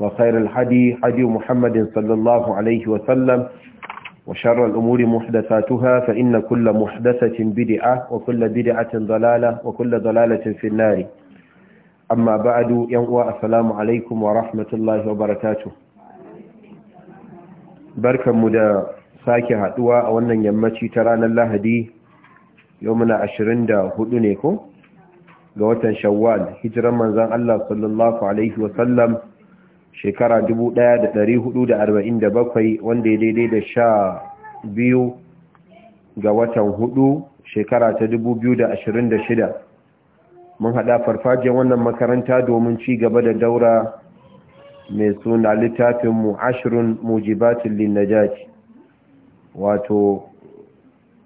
وخير الحدي حدي محمد صلى الله عليه وسلم وشر الأمور محدثاتها فإن كل محدثة بدعة وكل بدعة ضلالة وكل ضلالة في النار أما بعد ينقوى السلام عليكم ورحمة الله وبركاته بركة مدى sake haduwa a wannan yammaci ta ranar lahadi yau muna ashirin da hudu ne ko ga watan shawwal hijiran manzan Allah sallallahu Alaihi wasallam shekara ɗari 1447 wanda ya daidai da sha biyu ga watan hudu shekara ta da shida, mun haɗa farfajiyar wannan makaranta domin ci gaba da daura mai suna littafin mu ashirin mujibatin linnajaji wato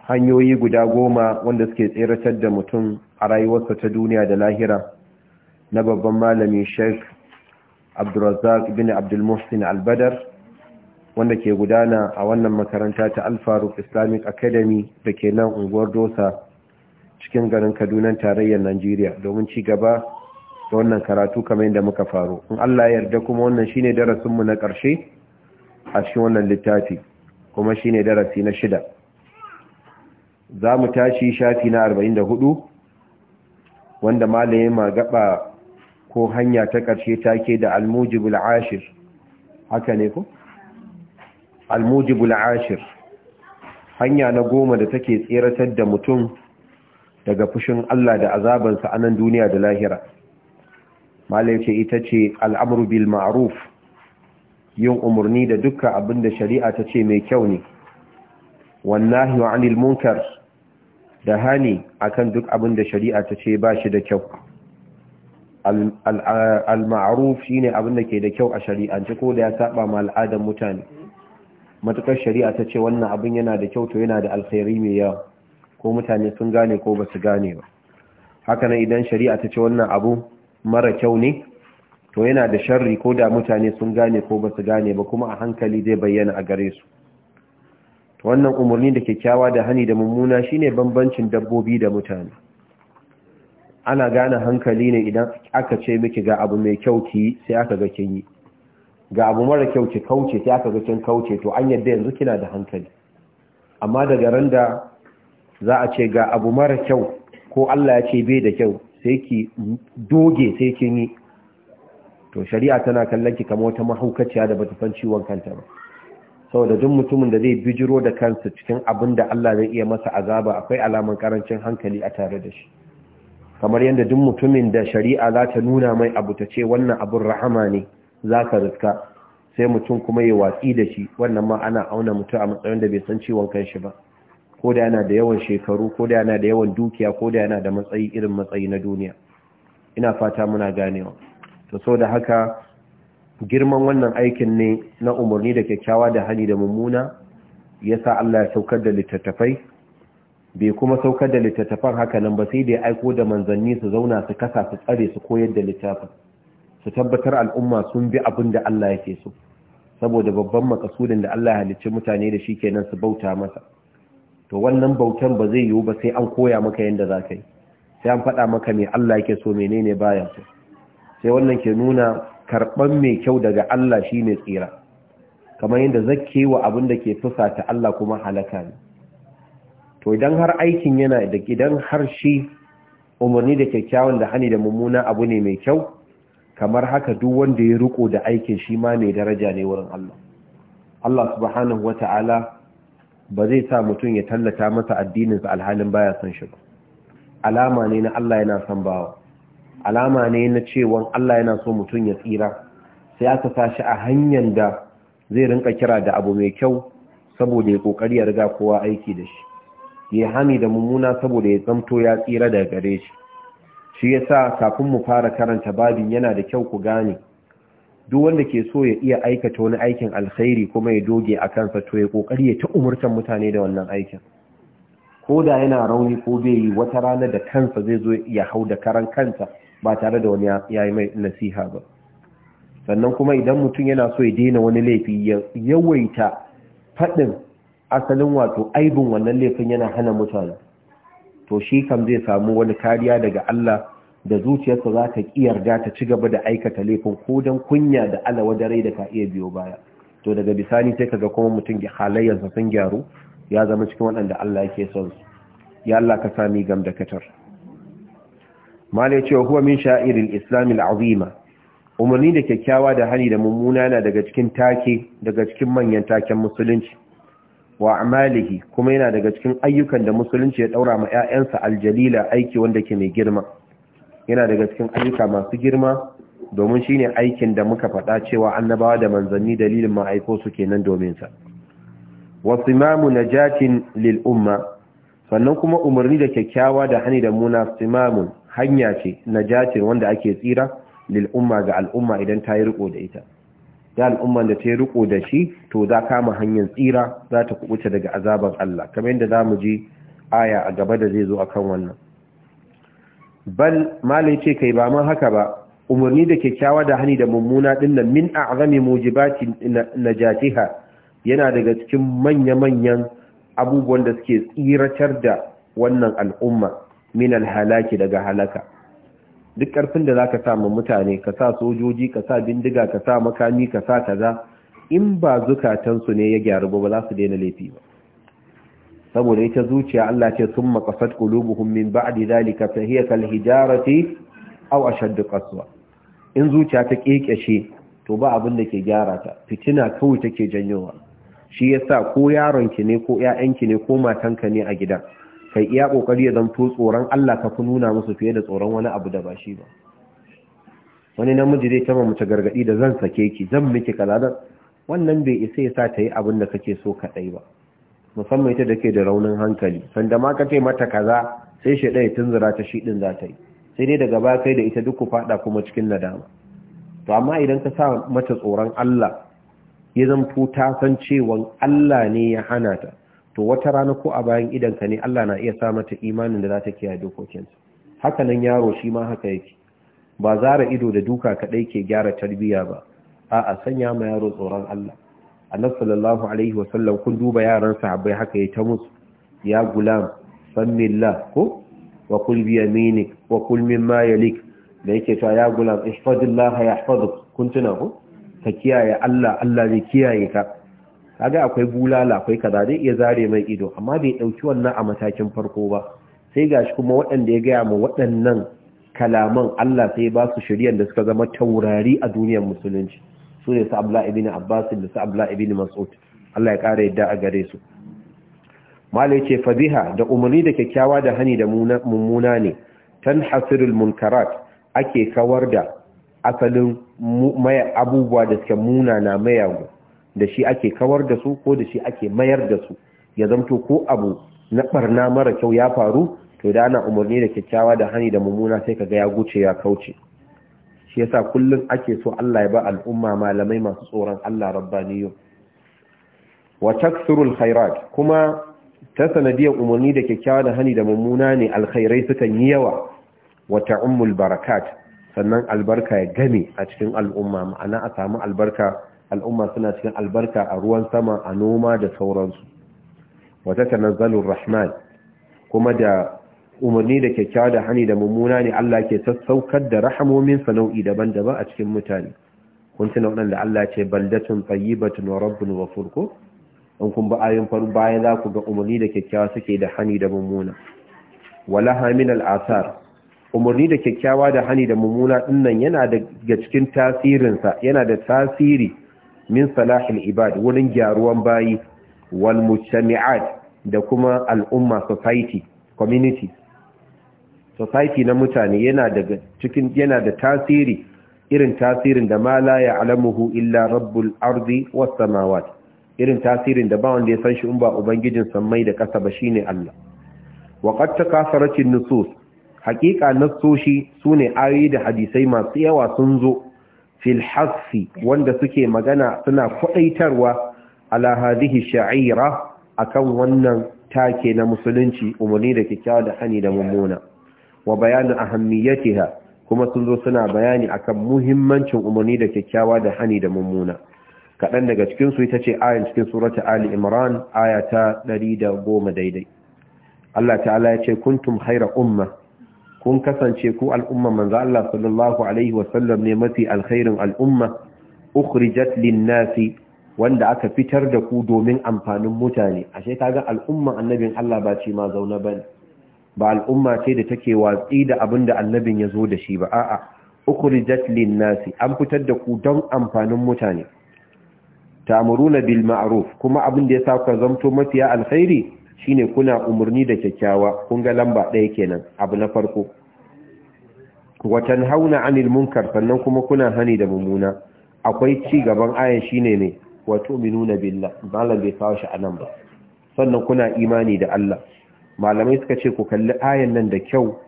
hanyoyi guda goma wanda suke tseratar da mutum a rayuwarsa ta duniya da lahira na babban malamin sheikh abdurrazzaq bin abdul muhsin badar wanda ke gudana a wannan makaranta ta Al-Faruq islamic academy da ke nan unguwar dosa cikin garin kaduna tarayyar najeriya domin ci gaba da wannan karatu kamar yadda muka faro in allah ya yarda kuma wannan shine mu na ƙarshe a cikin wannan littafi kuma shine darasi na shida za mu tashi shafi na 44 wanda malaye magaba ko hanya ta ƙarshe take da almujibul ashir haka ne ko almujibul ashir hanya na goma da take tseratar da mutum daga fushin Allah da azabansa a nan duniya da lahira malai ce ita ce al'amru bil ma'ruf yin umarni da dukka abin da shari'a ta ce mai kyau ne Wannan, wa anil munkar da hani akan duk abin da shari'a ta ce ba shi da kyau al-ma'ruf shine abin da ke da kyau a shari'ance ko da ya saba ma al'adar mutane matukar shari'a ta ce wannan abin yana da kyau to yana da alkhairi mai yawa ko mutane sun gane ko ba su gane ba haka nan idan shari'a ta ce wannan abu mara kyau ne to yana da sharri ko da mutane sun gane ko ba su gane ba kuma a hankali zai bayyana a gare su to wannan umarni da kyakkyawa da hani da mummuna shine bambancin dabbobi da mutane ana gane hankali ne idan aka ce miki ga abu mai kyau ki sai aka ga kin yi ga abu mara kyau ki kauce sai aka ga kin kauce to an yadda yanzu kina da hankali amma daga ran da za a ce ga abu mara kyau ko Allah ya ce bai da kyau sai ki doge sai kin yi to shari'a tana kallon ki kamar wata mahaukaciya da bata san ciwon kanta ba saboda duk mutumin da zai bijiro da kansa cikin abin da Allah zai iya masa azaba akwai alaman karancin hankali a tare da shi kamar yadda duk mutumin da shari'a za ta nuna mai abu ta ce wannan abin rahama ne za ka riska sai mutum kuma ya watsi da shi wannan ma ana auna mutum a matsayin da bai san ciwon kanshi ba ko da yana da yawan shekaru ko da yana da yawan dukiya ko da yana da matsayi irin matsayi na duniya ina fata muna ganewa to so da haka girman wannan aikin ne na umarni da kyakkyawa da hali da mummuna yasa Allah ya saukar da littattafai bai kuma saukar da littattafan hakanan ba sai da ya aiko da manzanni su zauna su kasa su tsare su koyar da littafin su tabbatar al'umma sun bi abin da Allah yake so saboda babban makasudin da Allah ya halicci mutane da shi kenan su bauta masa to wannan bautan ba zai yiwu ba sai an koya maka yadda za ka yi sai an faɗa maka mai Allah yake so menene baya so sai wannan ke nuna karɓan mai kyau daga Allah shine tsira kamar yadda zakkewa abin da ke fusata Allah kuma halaka ne to idan har aikin yana da idan har shi umarni da kyakkyawan da hani da mummuna abu ne mai kyau kamar haka duk wanda ya riko da aikin shi ma mai daraja ne wurin Allah Allah subhanahu wata'ala ba zai sa mutum ya tallata masa addinin sa alhalin baya son shi alama ne na Allah yana son bawa alama ne na cewa Allah yana so mutum ya tsira sai aka shi a hanyar da zai rinka kira da abu mai kyau saboda ya kokari ya riga kowa aiki da shi ya hani da mummuna saboda ya zamto ya tsira daga gare shi shi ya sa kafin mu fara karanta babin yana da kyau ku gane duk wanda ke so ya iya aikata wani aikin alkhairi kuma ya doge a kansa to ya kokari ya ta umurtan mutane da wannan aikin ko da yana rauni ko bai yi wata rana da kansa zai zo ya hau da karan kanta ba tare da wani ya yi mai nasiha ba sannan kuma idan mutum yana so ya daina wani laifi ya yawaita faɗin asalin wato aibin wannan laifin yana hana mutane to shi kam zai samu wani kariya daga Allah da zuciyarsa za ta yarda ta ci gaba da aikata laifin ko don kunya da alawa da rai da ka iya biyo baya to daga bisani sai kaga kuma mutum ya halayyarsa sun gyaru ya zama cikin waɗanda Allah yake son su ya Allah ka sami gam da katar mala ya ce wa huwa min sha'iril islamil azima umarni da kyakkyawa da hali da mummuna yana daga cikin take daga cikin manyan taken musulunci wa amalihi kuma yana daga cikin ayyukan da musulunci ya daura ma ƴaƴansa aljalila aiki wanda ke mai girma yana daga cikin ayyuka masu girma domin shine aikin da muka faɗa cewa annabawa da manzanni dalilin aiko su kenan domin sa wasimamu najatin lil umma sannan kuma umarni da kyakkyawa da hani da muna simamun hanya ce najatin wanda ake tsira lil umma ga al'umma idan ta yi riko da ita da al'umman da ta riko da shi to za kama hanyar tsira za ta kubuta daga azabar Allah kamar yadda zamu ji aya a gaba da zai zo akan wannan bal malai ce kai ba man haka ba umarni da kyakkyawa da hani da mummuna din nan min a'zami mujibati najatiha yana daga cikin manya-manyan abubuwan da suke tsiratar da wannan al'umma min alhalaki daga halaka duk ƙarfin da za ka sa mutane ka sa sojoji ka sa bindiga ka sa makami ka sa kaza in ba zukatansu ne ya gyaru ba za su daina laifi ba saboda ita zuciya Allah ce sun makasat qulubuhum min ba'di zalika fa hiya kal hijarati aw ashad qaswa in zuciya ta kekeshe to ba abin da ke gyara ta fitina kawai take janyowa shi yasa ko yaron ki ne ko ƴaƴanki ne ko matanka ne a gidan. kai iya kokari ya zanto tsoron Allah ka fi nuna musu fiye da tsoron wani abu da ba shi ba wani namiji zai tama mace gargadi da zan sake ki zan miki kaza da wannan bai isa ya sa ta yi abin da kake so kaɗai ba musamman ita da ke da raunin hankali sanda ma ka ce mata kaza sai shi ɗaya tunzura ta shi ɗin za ta yi sai dai daga baya kai da ita duk ku faɗa kuma cikin nadama to amma idan ka sa mata tsoron Allah ya zanto ta san cewa Allah ne ya hana ta to wata rana ko a bayan ka ne Allah na iya sa mata imanin da za ta kiyaye dokokinsa haka nan yaro shi ma haka yake ba zara ido da duka kadai ke gyara tarbiya ba a'a sanya ma yaro tsoron Allah annabi sallallahu alaihi wa sallam kun duba yaran sahabbai haka yayi ta musu ya gulam sammillah ko wa kul bi yaminik wa kul mimma yalik da yake cewa ya gulam ihfazillah yahfazuk kun tuna ko ka kiyaye Allah Allah zai kiyaye ka kaga akwai bulala akwai kaza zai iya zare mai ido amma bai dauki wannan a matakin farko ba sai gashi kuma waɗanda ya gaya ma waɗannan kalaman Allah sai ba su shari'ar da suka zama taurari a duniyar musulunci su ne sa'abla ibn Abbas da sa'abla ibn Mas'ud Allah ya kara yadda a gare su ce fabiha da umarni da kyakkyawa da hani da mummuna ne Tan hasirul munkarat ake kawar da asalin abubuwa da suke munana mayagu da shi ake kawar da su ko da shi ake mayar da su ya zamto ko abu na barna mara kyau ya faru to da ana umarni da kyakkyawa da hani da mummuna sai kaga ya guce ya kauce shi yasa kullum ake so Allah ya ba al'umma malamai masu tsoron Allah rabbaniyo wa taksurul khairat kuma ta sanadiyar umarni da kyakkyawa da hani da mummuna ne alkhairai sukan yi yawa wa ta'ummul barakat sannan albarka ya game a cikin al'umma ma'ana a samu albarka al'umma suna cikin albarka a ruwan sama a noma da sauransu wata tanazzalur rahman kuma da umarni da kyakkyawa da hani da mummuna ne Allah ke sassaukar da rahamomin sanau'i daban-daban a cikin mutane kun tuna waɗanda Allah ce baldatun tayyibatun wa rabbun ghafur ko in kun ba ayin faru baya za ku ga umarni da kyakkyawa suke da hani da mummuna wala hamin al'asar umarni da kyakkyawa da hani da mummuna dinnan yana daga cikin tasirinsa yana da tasiri min salahil ibad wurin gyaruwan bayi wal mujtami'at da kuma al'umma society community society na mutane yana daga cikin yana da tasiri irin tasirin da ma la ya'lamuhu illa rabbul ardi was samawat irin tasirin da ba wanda ya san shi in ba ubangijin sammai da ƙasa ba shine Allah wa qad takasaratin nusus haqiqa nassoshi sune ayoyi da hadisai masu yawa sun zo fil wanda suke magana suna kwaɗaitarwa ala hadhihi sha'ira akan wannan take na musulunci umarni da kyakkyawa da hani da mummuna wa a ahammiyatiha kuma sun zo suna bayani akan muhimmancin umarni da kyakkyawa da hani da mummuna kaɗan daga cikinsu ita ce ayin cikin surata Ali Imran aya ta 110 daidai. Allah ta'ala ya ce kuntum haira umma kun kasance ku al'umma manzo Allah sallallahu alaihi wasallam ne mafi alkhairin al'umma ukhrijat lin wanda aka fitar da ku domin amfanin mutane ashe kaga al'umma annabin Allah ba ce ma zauna bane ba al'umma ce da take watsi da abin da annabin ya zo da shi ba a'a ukhrijat lin an fitar da ku don amfanin mutane ta'muruna bil ma'ruf kuma abin da sa ku zamto mafiya alkhairi shine kuna umarni da kyakkyawa kun ga lamba ɗaya kenan abu na farko watan hauna anil munkar sannan kuma kuna hani da mummuna akwai ci gaban aya shine ne wato minuna billah malam bai kawo shi a nan ba sannan kuna imani da Allah malamai suka ce ku kalli ayan nan da kyau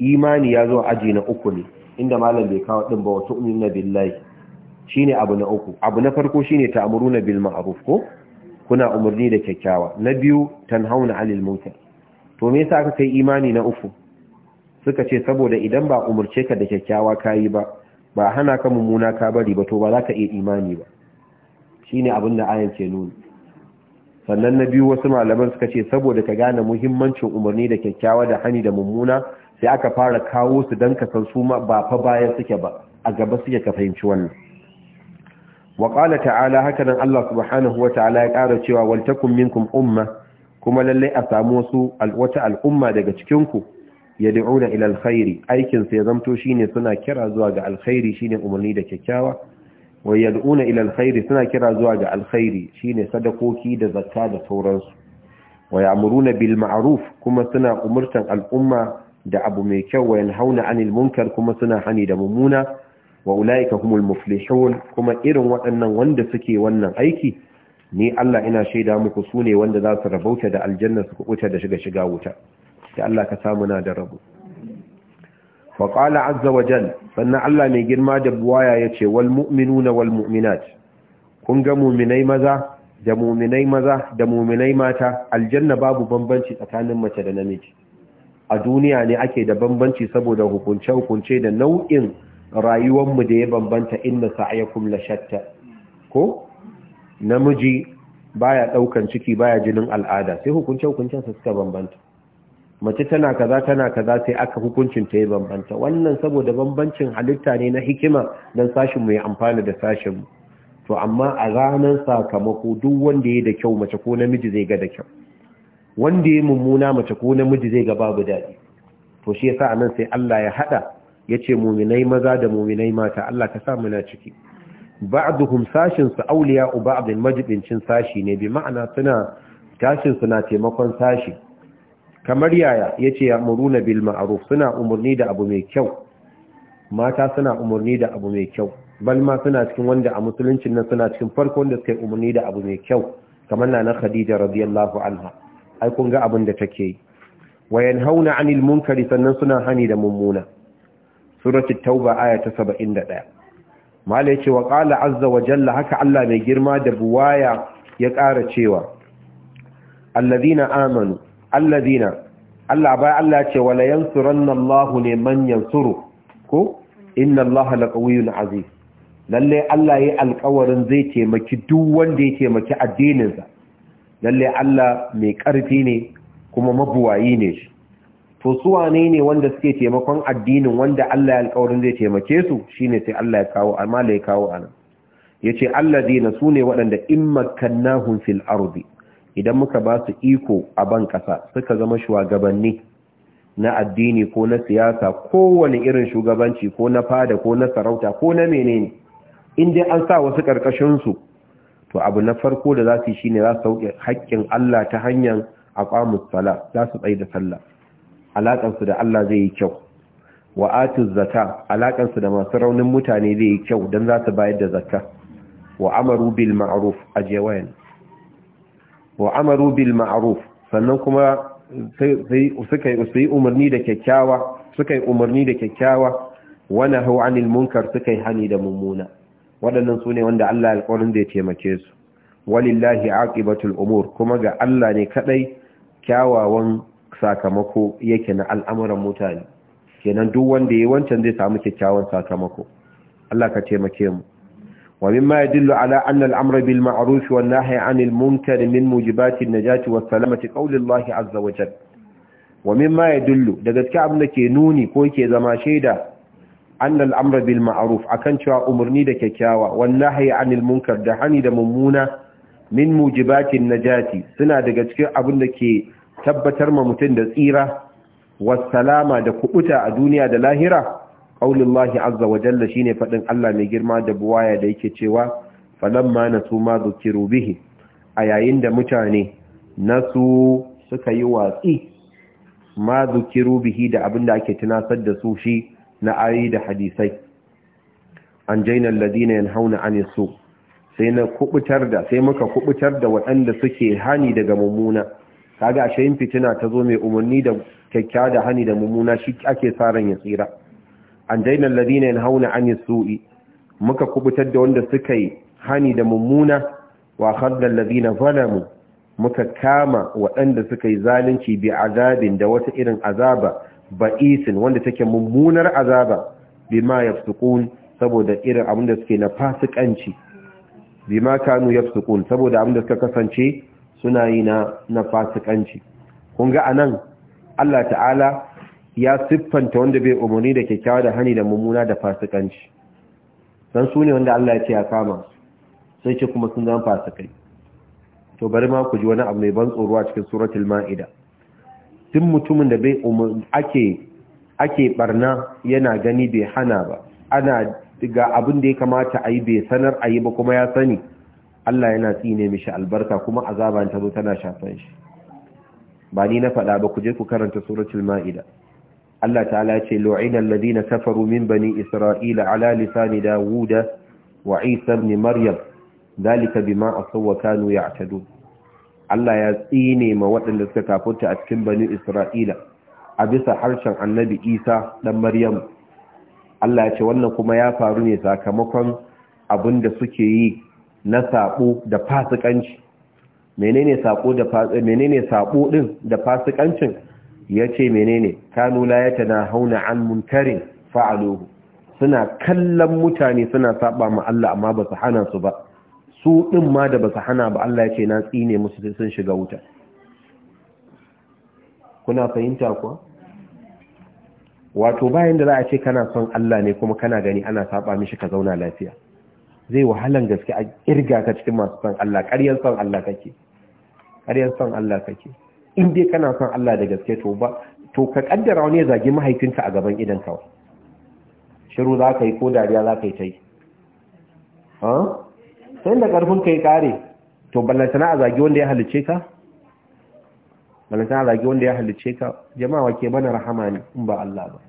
imani ya zo aji na uku ne inda malam bai kawo din ba wato minuna billahi shine abu na uku abu na farko shine ta'muruna bil ma'ruf ko kuna umarni da kyakkyawa na biyu tanhauna alil munkar to me yasa aka kai imani na uku suka ce saboda idan ba umurce ka da kyakkyawa kayi ba ba hana ka mummuna ka bari ba to ba za ka iya imani ba shine abin da ayan ke nuni sannan na biyu wasu malaman suka ce saboda ka gane muhimmancin umarni da kyakkyawa da hani da mummuna sai aka fara kawo su dan ka san su ma ba fa bayan suke ba a gaba suke ka fahimci wannan wa qala ta'ala hakanan Allah subhanahu wa ta'ala ya ƙara cewa wal minkum umma kuma lallai a samu wasu wata al'umma daga cikin ku yad'una ila aikinsa aikin sai zamto shine suna kira zuwa ga alkhairi ne umarni da kyakkyawa wa yad'una ila suna kira zuwa ga alkhairi shine sadakoki da zakka da sauransu wa ya'muruna bil ma'ruf kuma suna umurtan al'umma da abu mai kyau wa yanhauna 'anil munkar kuma suna hani da mummuna? wa ulaika humul muflihun kuma irin waɗannan wanda suke wannan aiki ni Allah ina shaida muku su ne wanda za su rabauta da aljanna su kuɓuta da shiga shiga wuta da Allah ka samu na da rabu wa qala azza wa jal sannan Allah mai girma da buwaya yace wal mu'minuna wal mu'minat kun ga mu'minai maza da mu'minai maza da mu'minai mata aljanna babu bambanci tsakanin mace da namiji a duniya ne ake da bambanci saboda hukunce hukunce da nau'in mu da ya bambanta inna sa'ayakum la shatta ko namiji baya daukan ciki baya jinin al'ada sai hukuncin hukuncin sa suka bambanta mace tana kaza tana kaza sai aka hukuncin ta ya bambanta wannan saboda bambancin halitta ne na hikima dan sashin mu ya amfana da sashin mu to amma a ranan sakamako duk wanda ya da kyau mace ko namiji zai ga da kyau wanda ya mummuna mace ko namiji zai ga babu dadi to shi yasa anan sai Allah ya hada yace mu'minai maza da mu'minai mata Allah ka samu na ciki ba'duhum sashin su Auliya uba ba'd majibincin sashi ne bi ma'ana suna tashin taimakon sashi kamar yaya yace ya'muruna bil ma'aruf, suna umarni da abu mai kyau mata suna umarni da abu mai kyau bal ma suna cikin wanda a musuluncin nan suna cikin farko wanda suka yi umarni da abu mai kyau kamar na Khadija radiyallahu anha ai kun ga abin da take yi wayan hauna anil munkari sannan suna hani da mummuna surati tauba aya ta 71 mala yace wa qala azza wa jalla haka Allah mai girma da buwaya ya ƙara cewa alladhina amanu alladhina Allah bai Allah ce wala yansuranna Allahu ne manyan suru ko inna Allaha laqawiyyun aziz lalle Allah yayi alƙawarin zai taimaki duk wanda ya taimaki addininsa Lallai Allah mai ƙarfi ne kuma mabuwayi ne shi to su wane ne wanda suke taimakon addinin wanda Allah ya alƙawarin zai taimake su shine sai Allah ya kawo amma la ya kawo anan yace alladina sune waɗanda in makkannahum fil ardi idan muka ba su iko a ban ƙasa suka zama shugabanni na addini ko na siyasa ko wani irin shugabanci ko na fada ko na sarauta ko na menene in dai an sa wasu ƙarƙashin su to abu na farko da za su yi shine za su sauke haƙƙin Allah ta hanyar aqamus sala za su tsaye da sallah alaƙarsu da Allah zai yi kyau wa atu zaka alaƙarsu da masu raunin mutane zai yi kyau don za su bayar da zakka wa amaru bil ma'ruf ajewayan wa amaru bil ma'aruf sannan kuma su yi umarni da kyakkyawa suka yi umarni da kyakkyawa wani hau anil munkar suka yi hani da mummuna waɗannan su ne wanda Allah alƙawarin ya taimake su walillahi aqibatul umur kuma ga Allah ne kadai kyawawan sakamako yake na al'amuran mutane kenan duk wanda ya wancan zai samu kyakkyawan sakamako Allah ka taimake mu wa mimma yadullu ala anna al'amra bil ma'ruf wan nahyi 'anil munkar min mujibati an-najati was salamati qawlullahi azza wa jalla wa mimma yadullu da gaskiya abin da ke nuni ko yake zama shaida anna al'amra bil ma'ruf akan cewa umurni da kyakkyawa wan nahyi 'anil munkar da hani da mummuna min mujibati an-najati suna daga cikin abin da ke tabbatar ma mutum da tsira wassalama da kubuta a duniya da lahira qaulullahi azza wa jalla shine fadin Allah mai girma da buwaya da yake cewa falamma nasu ma zukiru bihi a yayin da mutane nasu suka yi watsi ma zukiru bihi da abinda ake tunasar da su shi na ayi da hadisai an jaina alladhina yanhauna anis su sai na kubutar da sai muka kubutar da waɗanda suke hani daga mummuna kaga ashe yin fitina ta zo mai umarni da kyakkyawa da hani da mummuna shi ake sa ran ya tsira an daina yin hauna an su'i muka kubutar da wanda suka yi hani da mummuna wa khadda Ladina zalamu muka kama waɗanda suka yi zalunci bi azabin da wata irin azaba ba'isin wanda take mummunar azaba bima yafsukun saboda irin abin da suke na fasikanci bima kanu yafsukun saboda abin da suka kasance suna yi na fasikanci kun ga anan Allah ta'ala ya siffanta wanda bai umarni da kyakkyawa da hani da mummuna da fasikanci don su ne wanda Allah ya ce ya kama sai ce kuma sun zama fasikai to bari ma ku ji wani abu mai ban tsoro a cikin suratul ma'ida duk mutumin da bai ake ake barna yana gani bai hana ba ana ga abin da ya kamata a yi bai sanar a yi ba kuma ya sani Allah yana tsine mishi albarka kuma azaba ta zo tana shafan shi ba ni na faɗa ba ku je ku karanta suratul ma'ida Allah ta'ala ya ce lu'ina alladhina kafaru min bani isra'ila ala lisani dawuda wa isa ibn maryam dalika bima asaw wa kanu ya'tadun Allah ya tsine ma waɗanda suka kafurta a cikin bani isra'ila a bisa harshen annabi isa dan maryam Allah ya ce wannan kuma ya faru ne sakamakon abin da suke yi na sabo da fasikanci menene sabo da menene sabo din da fasikancin yace menene kanu la hauna an munkarin fa'aluhu suna kallon mutane suna saba ma Allah amma ba su hana su ba su din ma da ba su hana ba Allah yace na tsine musu sun shiga wuta kuna fahimta kuwa wato bayan da za a ce kana son Allah ne kuma kana gani ana saba mishi ka zauna lafiya zai wahalan gaske a kirga ka cikin masu son Allah ƙaryar son Allah kake ƙaryar son Allah kake in dai kana son Allah da gaske to ba to ka kaddara wani ya zagi mahaifinka a gaban idan kawai shiru za ka yi ko dariya za ka yi ta yi sai da karfin ka yi kare to ballantana a zagi wanda ya halice ka ballantana a zagi wanda ya halice ka jama'a wake bana rahama ne in ba Allah ba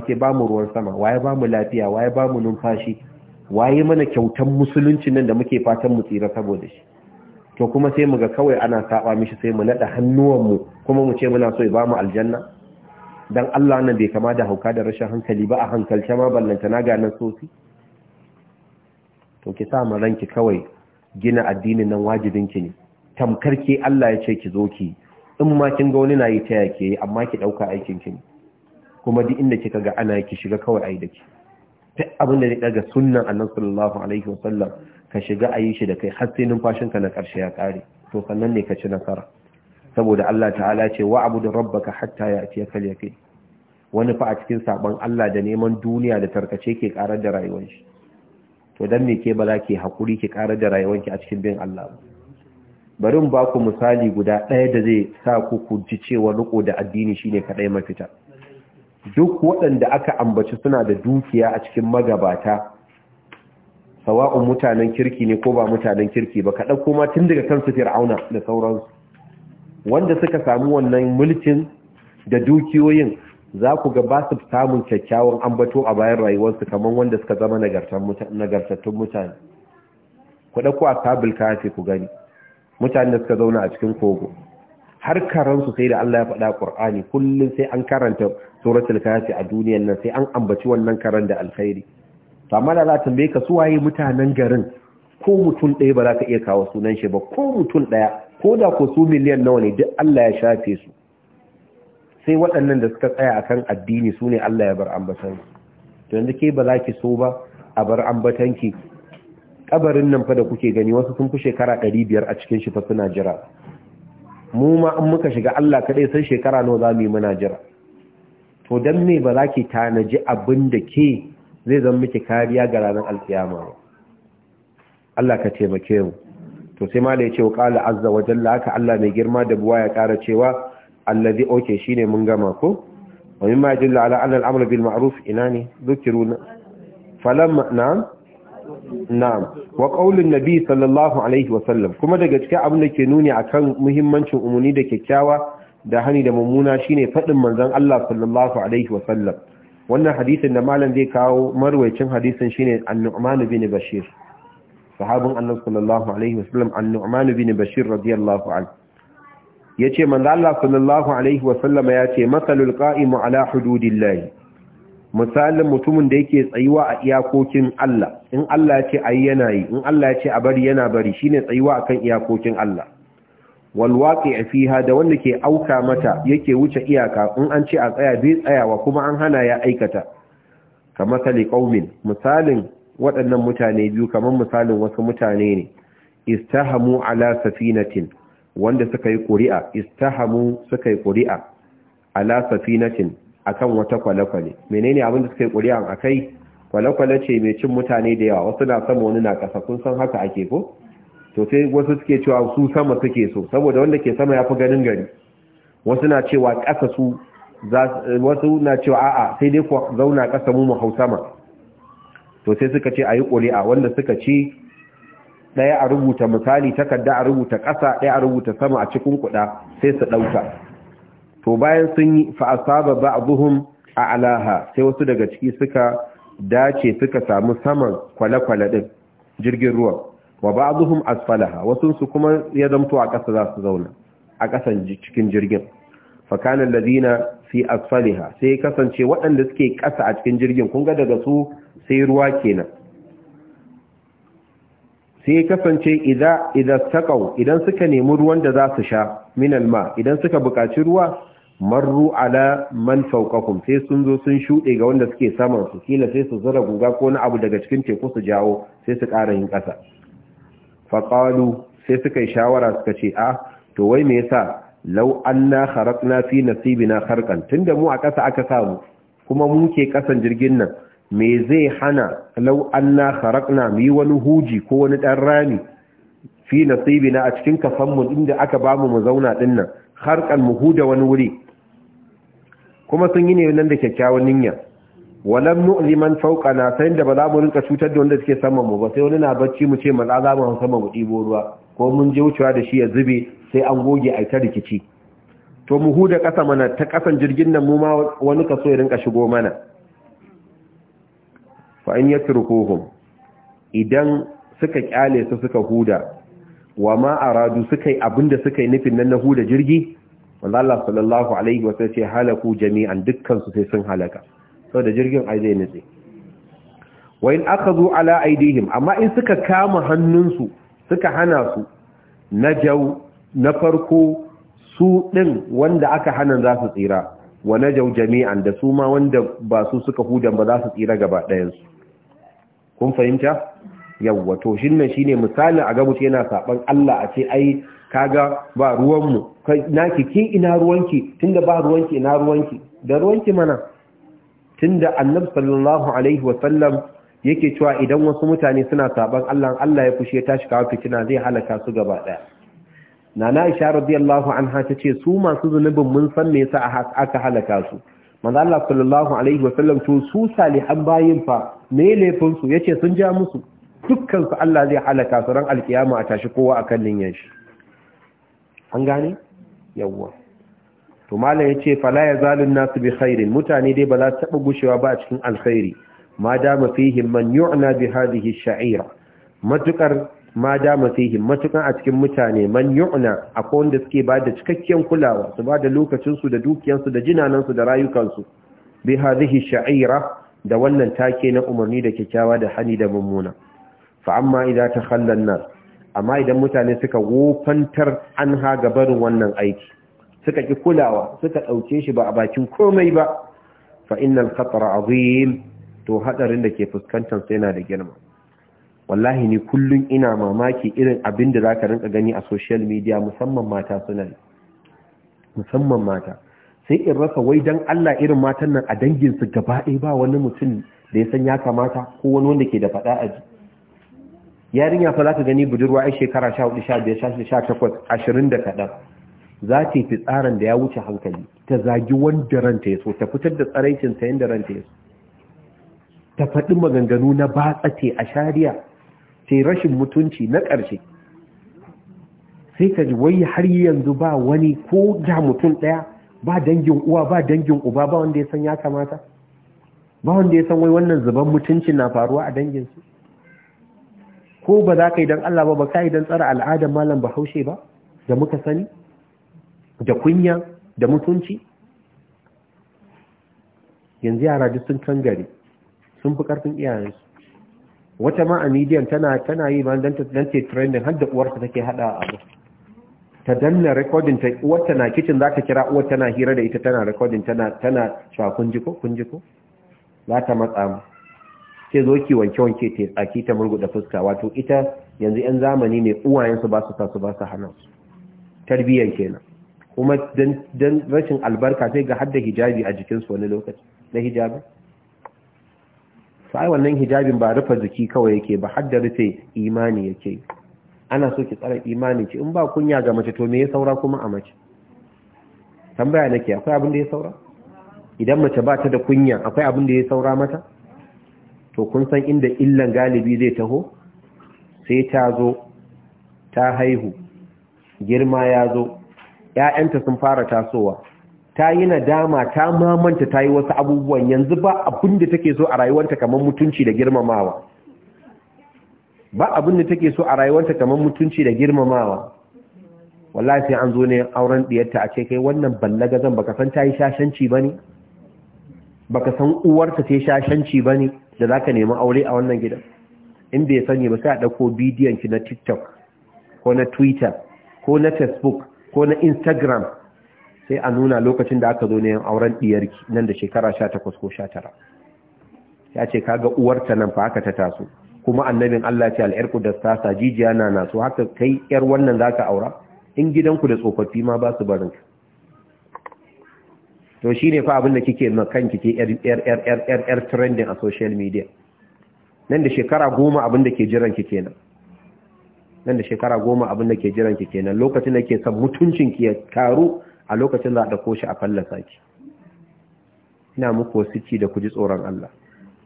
wake ba mu ruwan sama waye ba mu lafiya waye ba mu numfashi waye mana kyautan musulunci nan da muke fatan mu tsira saboda shi to kuma sai mu kawai ana saba mishi sai mu nada mu kuma mu ce muna so ya bamu aljanna dan Allah nan bai kama da hauka da rashin hankali ba a hankalce ma ballanta na ga nan sosai to ki sa mu ranki kawai gina addinin nan wajibin ki ne tamkar ki Allah ya ce ki zo ki in ma kin ga wani nayi ta yake amma ki dauka aikin ki kuma duk inda kika ga ana ki shiga kawai ai da duk abin da ya daga sunnan annan sallallahu alaihi wasallam ka shiga a yi shi da kai har sai numfashin ka na karshe ya kare to sannan ne ka ci nasara saboda Allah ta'ala ce wa abu da rabbaka hatta ya ce kal wani fa a cikin saban Allah da neman duniya da tarkace ke karar da rayuwar shi to dan me ke bala ke hakuri ke karar da rayuwar ki a cikin bin Allah bari mu ba ku misali guda ɗaya da zai sa ku ku ji cewa riko da addini shine kadai mafita duk waɗanda aka ambaci suna da dukiya a cikin magabata sawa'un mutanen kirki ne ko ba mutanen kirki ba kaɗa Koma tun daga kansu fir'auna da sauransu wanda suka samu wannan mulkin da dukiyoyin za ku ga ba su samun kyakkyawan ambato a bayan rayuwarsu kamar wanda suka zama nagartattun mutane ku ɗauko a sabul kafi ku gani mutane da suka zauna a cikin kogo har karansu sai da Allah ya faɗa Kur'ani kullum sai an karanta suratul kafi a duniyar nan sai an ambaci wannan karan da alkhairi to amma da za ta mai ka su waye mutanen garin ko mutum ɗaya ba za ka iya kawo sunan shi ba ko mutum ɗaya ko da ko su miliyan nawa ne duk Allah ya shafe su sai waɗannan da suka tsaya akan addini su ne Allah ya bar ambatan to yanzu ke ba za ki so ba a bar ambatanki kabarin nan fa da kuke gani wasu sun fi shekara biyar a cikin shi fa suna jira mu ma in muka shiga Allah kaɗai sai shekara nawa za mu yi muna jira to dan me ba za ki tanaji abin da ke zai zama miki kariya ga ranar alkiyama Allah ka taimake mu to sai ma da yace qala azza wa jalla haka Allah mai girma da buwa ya kara cewa allazi oke shine mun gama ko wa mimma jalla ala anna al-amru bil ma'ruf inani dhukiruna falamma na'am na'am wa qaulun nabi sallallahu alaihi wasallam kuma daga cikin abin da ke nuni akan muhimmancin umuni da kyakkyawa da hani da mummuna ne faɗin manzan Allah sallallahu alaihi wasallam wannan hadisin da malam zai kawo marwayacin hadisin shine an-nu'man bin bashir sahabin annabi sallallahu alaihi wasallam an bin bashir radiyallahu yace manzon Allah sallallahu alaihi wasallam yace masalul qa'imu ala misalin mutumin da yake tsayuwa a iyakokin Allah in Allah ya ce ayi yana yi in Allah ya ce a bari yana bari shine tsayuwa akan iyakokin Allah wal waqi'a fiha da wanda ke auka mata yake wuce iyaka in an ce a tsaya bai tsayawa kuma an hana ya aikata kamar sali qaumin misalin waɗannan mutane biyu kamar misalin wasu mutane ne istahamu ala safinatin wanda suka yi ƙuri'a istahamu suka yi ƙuri'a ala safinatin akan wata kwale-kwale menene abin da suka yi ƙuri'an a kai kwale-kwale ce mai cin mutane da yawa wasu na sama wani na ƙasa kun san haka ake ko to sai wasu suke cewa su sama suke so saboda wanda ke sama ya fi ganin gari wasu na cewa ƙasa su wasu na cewa a'a sai dai ku zauna ƙasa mu mu hau sama to sai suka ce a yi ƙuri'a wanda suka ci ɗaya a rubuta misali takarda a rubuta ƙasa ɗaya a rubuta sama a cikin kuɗa sai su ɗauka to bayan sun yi fa asaba ba'dhum a'laha sai wasu daga ciki suka dace suka samu saman kwale-kwale din jirgin ruwa wa ba'dhum asfalaha wasu su kuma ya zamto a ƙasa za su zauna a ƙasan cikin jirgin fa kana alladhina fi asfaliha sai kasance waɗanda suke ƙasa a cikin jirgin kun ga daga su sai ruwa kenan sai kasance idan suka nemi ruwan da za su sha minalma ma idan suka buƙaci ruwa marru ala man fawqakum sai sun zo sun shuɗe ga wanda suke saman su kila sai su zura guga ko na abu daga cikin teku su jawo sai su ƙara yin ƙasa faqalu sai suka yi shawara suka ce a ah, to wai me yasa law anna kharaqna fi nasibina kharqan tunda mu a ƙasa aka samu kuma mu ke ƙasan jirgin nan me zai hana law anna kharaqna mi wani huji ko wani dan rami fi nasibina a cikin kafanmu inda aka bamu mu zauna dinnan harkan mu huda wani wuri kuma sun yi ne nan da kyakkyawan niyya walam nu'zi man fawqana sai da ba za mu rinka cutar da wanda suke saman mu ba sai wani na bacci mu ce ma za mu sama mu ɗibo ruwa ko mun je wucewa da shi ya zube sai an goge a ta rikici to mu huda ƙasa mana ta ƙasan jirgin nan mu ma wani kaso ya rinka shigo mana fa in yatrukuhum idan suka kyale su suka huda wa ma aradu suka yi abinda suka yi nufin nan na huda jirgi wanda Allah sallallahu alaihi wa sallam halaku jami'an dukkansu su sai sun halaka saboda jirgin ai zai nitse wa in akhadhu ala aidihim amma in suka kama hannunsu suka hana su jau na farko su ɗin wanda aka hana za su tsira wa na jau jami'an da su ma wanda ba su suka huda ba za su tsira gaba ɗayan su kun fahimta yawwa to shin ne shine misalin a gabuce yana saban Allah a ce ai kaga ba ruwanmu naki ki ina ruwanki tunda ba ruwanki ina ruwanki da ruwanki mana tunda annabi sallallahu alaihi wasallam yake cewa idan wasu mutane suna saban Allah Allah ya fushe tashi kawo fitina zai halaka su gaba daya nana isha radiyallahu anha tace su masu zunubin mun san me yasa aka halaka su manzo Allah sallallahu alaihi wasallam to su salihan bayin fa me laifin su yace sun ja musu dukkan su Allah zai halaka su ran alkiyama a tashi kowa akan ninyan shi an gane yawwa to malam yace fala yazalun nasu bi khairin mutane dai ba za su taba gushewa ba a cikin alkhairi ma dama fihim man yu'na bi hadhihi sha'ira matukar ma dama fihim matukan a cikin mutane man yu'na akwai wanda suke ba da cikakken kulawa su ba da lokacin su da dukiyansu da jinanansu da rayukansu bi hadhihi sha'ira da wannan take na umarni da kyakkyawa da hani da mummuna fa amma idza takhalla nas amma idan mutane suka wofantar an ha barin wannan aiki suka ki kulawa suka ɗauke shi ba a bakin komai ba fa innal khatar azim to hadarin da ke fuskantar sai yana da girma wallahi ni kullun ina mamaki irin abin da zaka rinka gani a social media musamman mata suna musamman mata sai in rasa wai dan Allah irin matan nan a dangin su gaba ɗaya ba wani mutum da ya san ya kamata ko wani wanda ke da faɗa a ji yarinya fa za ka gani budurwa ai shekara 14 15 18 da kaɗan. za ta fi tsarin da ya wuce hankali ta zagi wanda ranta ya so ta fitar da tsaraicin sayan da ranta ya so ta faɗi maganganu na batsate a shariya sai rashin mutunci na ƙarshe sai ka ji wai har yanzu ba wani ko da mutum ɗaya ba dangin uwa ba dangin uba ba wanda ya san ya kamata ba wanda ya san wai wannan zuban mutunci na faruwa a danginsu ko ba za ka yi don Allah ba ba ka yi don tsara al'adar malam bahaushe ba da muka sani da kunya da mutunci yanzu yara duk sun kan gari sun fi karfin iyayensu wata ma a midiyan tana tana yi ba dan ce trending har da uwarta take hada abu ta danna recording ta ta na kitchen za ta kira uwar tana hira da ita tana recording tana tana cewa jiko kun jiko za ta matsa mu sai zo ki wanke wanke ta tsaki ta murguda fuska wato ita yanzu yan zamani ne uwayensu ba su tasu ba su hana su tarbiyyar kenan kuma don rashin albarka sai ga hadda hijabi a jikinsu wani lokaci na hijabi sai wannan hijabin ba rufa jiki kawai yake ba hadda rufe imani yake ana so ki tsara imanin ci in ba kunya ga mace to me ya saura kuma a mace tambaya nake akwai abin da ya saura idan mace ba ta da kunya akwai abin da ya saura mata to kun san inda illan galibi zai taho sai ta zo ta haihu girma ya zo ‘ya'yanta sun fara tasowa ta yi nadama ta mamanta ta yi wasu abubuwan yanzu ba abin da take so a rayuwarta kamar mutunci da girmamawa ba abin da take so a rayuwarta kamar mutunci da girmamawa wallahi sai an zo ne auren diyarta a ce kai wannan zan baka san ta yi shashanci ba ne baka san uwarta ta yi shashanci ba ne da za ka nemi aure a wannan gidan in bai sani ba sai a ɗauko bidiyon na tiktok ko na twitter ko na facebook ko na instagram sai a nuna lokacin da aka zo ne auren ɗiyarki nan da shekara sha takwas ko sha tara. ya ce kaga uwarta nan fa haka ta taso kuma annabin Allah ce ku da sasa jijiya na naso haka kai yar wannan zaka aura in gidanku da tsofaffi ma ba su barinka to shi ne fa abin da kike ma kanki ke yar trending a social media nan da shekara goma abin da ke jiran kenan nan da shekara goma abinda ke jiran kenan lokacin da ke san mutuncin ki ya karu a lokacin za a shi a fallasa ki ina muku wasici da ku ji tsoron Allah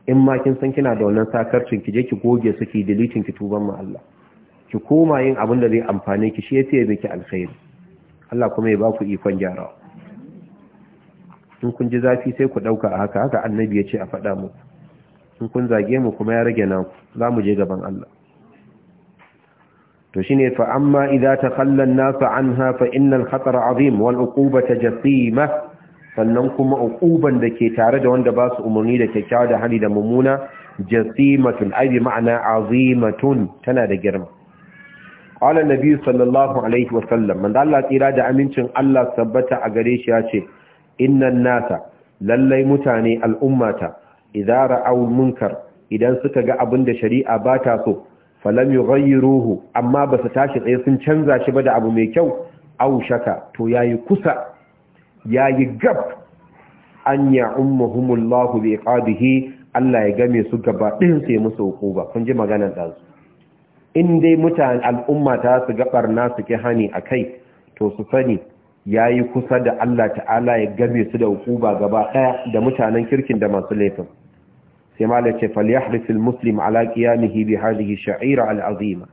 in ma kin san kina da wannan sakarcin ki je ki goge su ki deleting ki tuban ma Allah ki koma yin abin da zai amfane ki shi yace miki alkhairi Allah kuma ya ba ku ikon gyarawa in kun ji zafi sai ku ɗauka a haka haka annabi ya ce a faɗa muku in kun zage mu kuma ya rage naku za mu je gaban Allah to shine fa amma idza takhalla an-nas anha fa innal khatara azim wal uqubata jasima sannan kuma uquban da ke tare da wanda ba su umarni da kyakkyawa da hali da mummuna jasimatun ai bi ma'ana azimatun tana da girma qala nabi sallallahu alaihi wa sallam man Allah tsira da amincin Allah tabbata a gare shi ya ce innan nata lallai mutane al'ummata idan ra'au munkar idan suka ga abin da shari'a ba ta so falam yughayyiruhu amma ba su tashi tsaye sun canza shi ba da abu mai kyau Au shaka to yayi kusa yayi gab an bai biqabihi Allah ya game su gaba ɗin sai musu hukuba kun ji maganar ɗansu in dai mutane al'umma ta su gaɓar nasu ki hani a kai to su sani ya yi kusa da Allah ta'ala ya game su da hukuba gaba ɗaya da mutanen kirkin da masu laifin sai mala ce falyahrisul muslim ala qiyamihi bi hadhihi sha'ira al'azima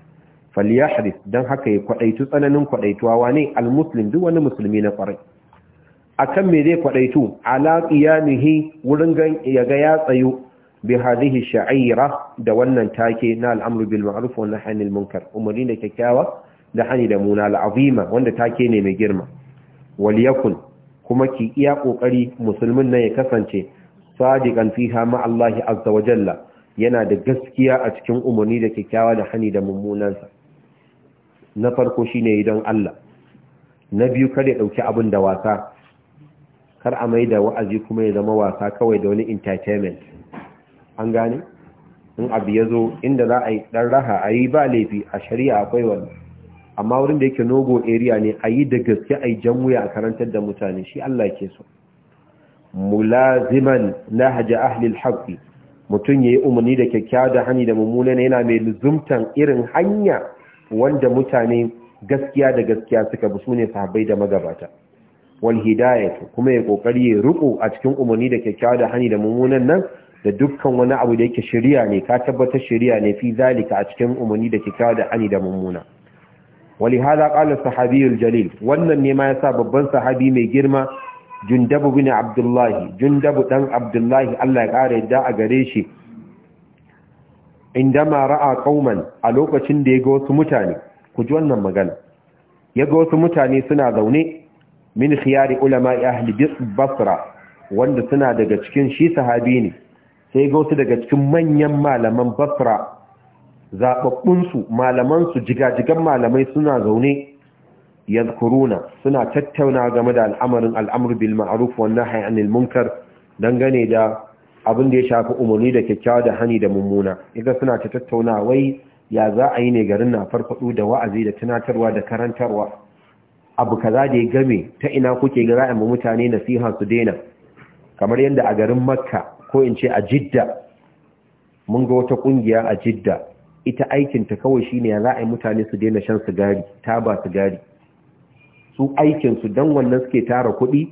falyahris dan haka ya kwadaitu tsananin kwadaituwa wane almuslim duk wani musulmi na kwarai akan me zai kwadaitu ala qiyamihi wurin gan ya ga ya tsayo bi hadhihi sha'ira da wannan take na al'amru bil ma'ruf wa nahyi anil munkar umarni da kyakkyawa da hani da muna al'azima wanda take ne mai girma waliyakun kuma ki iya kokari musulmin nan ya kasance sadiqan fiha ma Allah azza wa jalla yana da gaskiya a cikin umarni da kyakkyawa da hani da mummunansa na farko shine idan Allah na biyu kar ya dauki abin da wasa kar a maida wa'azi kuma ya zama wasa kawai da wani entertainment an gane in abu yazo inda za a yi dan raha a yi ba laifi a shari'a akwai wannan amma wurin da yake nogo area ne a yi da gaske a yi jan wuya a karantar da mutane shi Allah ke so mulaziman haji ahlil haƙi mutum ya yi umarni da kyakkyawa da hani da mummuna yana mai luzumtan irin hanya wanda mutane gaskiya da gaskiya suka bi sune sahabbai da magabata wal hidayat kuma ya kokari ya ruku a cikin umarni da kyakkyawa da hani da mummuna nan da dukkan wani abu da yake shari'a ne ka tabbatar shari'a ne fi zalika a cikin umarni da kyakkyawa da hani da mummuna ولهذا قال الصحابي Jalil? wannan ne ma yasa babban sahabi mai girma Jundabu bin Abdullah Jundabu dan Abdullah Allah ya kare yadda a gare shi indama ra'a qauman a lokacin da yaga wasu mutane ku ji wannan magana yaga wasu mutane suna zaune min khiyari ulama ahli Basra wanda suna daga cikin shi sahabi ne sai yago su daga cikin manyan malaman Basra zaɓaɓɓunsu malamansu jigajigan malamai suna zaune yadkuruna suna tattauna game da al'amarin al'amur bil ma'aruf wannan nahy munkar dangane da abin da ya shafi umarni da kyakkyawa da hani da mummuna idan suna ta tattauna wai ya za a yi ne garin na farfaɗo da wa'azi da tunatarwa da karantarwa abu kaza da ya game ta ina kuke ga ma mutane nasiha su daina kamar yadda a garin makka ko in ce a jidda mun ga wata kungiya a jidda ita aikinta kawai shine ya za a yi mutane su daina shan sigari taba sigari su aikinsu don wannan suke tara kuɗi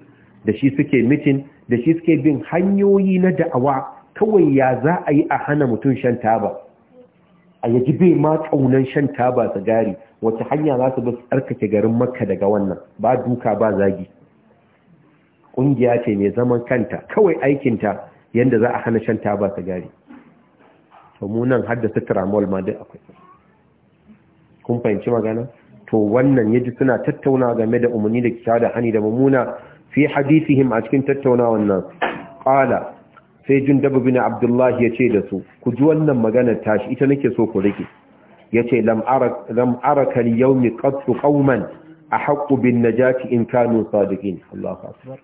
da shi suke mitin da shi suke bin hanyoyi na da'awa kawai ya za a yi a hana mutum shan taba a yaji bai ma ƙaunan shan taba sigari wace hanya za su bi su tsarkake garin makka daga wannan ba duka ba zagi ƙungiya ce mai zaman kanta kawai aikinta yadda za a hana shan taba sigari to mu nan har da ma dai akwai kun fahimci magana to wannan yaji suna tattauna game da umarni da kisa da hani da mamuna fi hadisihim a cikin tattauna wannan qala sai jin jundabu bin abdullah yace da su ku ji wannan magana tashi ita nake so ku rike yace lam ara lam araka al-yawmi qattu qauman bin najati in kanu sadiqin Allahu akbar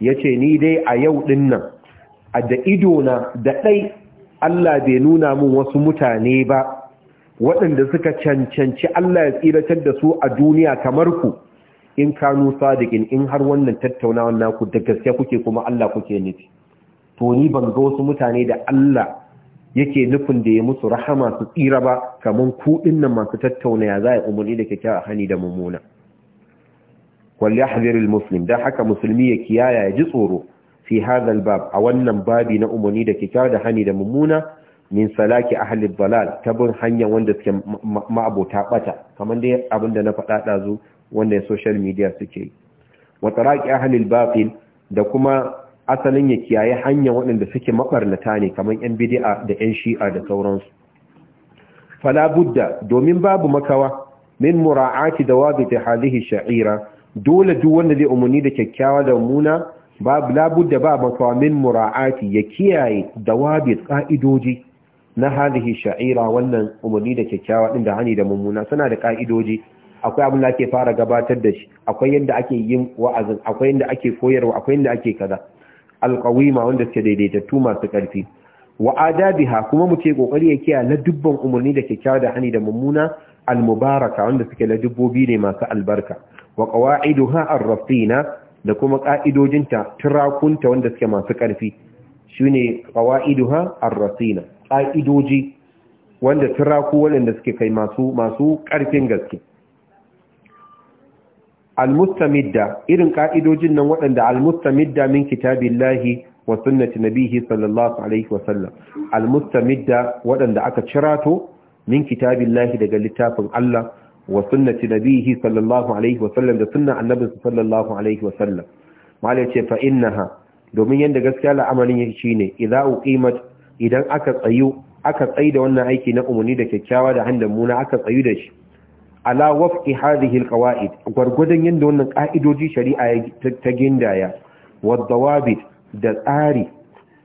yace ni dai a yau dinnan a da ido na da dai Allah bai nuna min wasu mutane ba waɗanda suka cancanci Allah ya tsiratar da su a duniya kamar ku in kanu sadiqin in har wannan tattaunawar naku da gaske kuke kuma Allah kuke nufi to ni ban ga wasu mutane da Allah yake nufin da ya musu rahama su tsira ba kamar ku nan masu tattauna ya zai umarni da kyakkyawa hani da mummuna wal yahzir al muslim da haka musulmi ya kiyaya ya ji tsoro fi hadhal bab a wannan babi na umuni da kyakkyawa da hani da mummuna min salaki ahli dalal tabun hanya wanda suke ma'abota bata kamar dai da na faɗa dazu wanda social media suke yi wa taraki ahli batil da kuma asalin ya kiyaye hanya waɗanda suke mabarnata ne kamar yan bid'a da yan shi'a da sauransu fala budda domin babu makawa min mura'ati ta hadhihi sha'ira dole duk wanda zai umuni da kyakkyawa da mummuna. babu labudda ba mafamin mura'ati ya kiyaye dawabit ka'idoji na halihi sha'ira wannan umarni da kyakkyawa din da hani da mummuna suna da ka'idoji akwai abin da ake fara gabatar da shi akwai yadda ake yin wa'azin akwai yadda ake koyarwa akwai yadda ake kaza alqawima wanda suke daidaitattu masu karfi wa adabiha kuma mu ce kokari ya kiyaye na dubban umarni da kyakkyawa da hani da mummuna almubaraka wanda suke na dubbobi ne masu albarka wa qawaiduha rafina da kuma ƙa'idojinta turakunta wanda suke masu ƙarfi shi ne ƙawa'iduha arrasina ƙa'idoji wanda turaku waɗanda suke kai masu ƙarfin gaske al-mustamidda irin ƙa'idojin nan waɗanda al-mustamidda min lahi wa sunnati nabihi sallallahu alaihi wasallam al-mustamidda waɗanda aka cirato min kitabillahi daga littafin Allah wa sunnati nabihi sallallahu alaihi wa da sunna annabin sallallahu alaihi wa ce fa innaha domin yanda gaskiya al'amarin yake shine idza uqimat idan aka tsayu aka tsayi da wannan aiki na umarni da kyakkyawa da handan muna aka tsayu da shi ala wafqi hadhihi alqawaid gurgudan yanda wannan ka'idoji shari'a ta gindaya wazawabit da tsari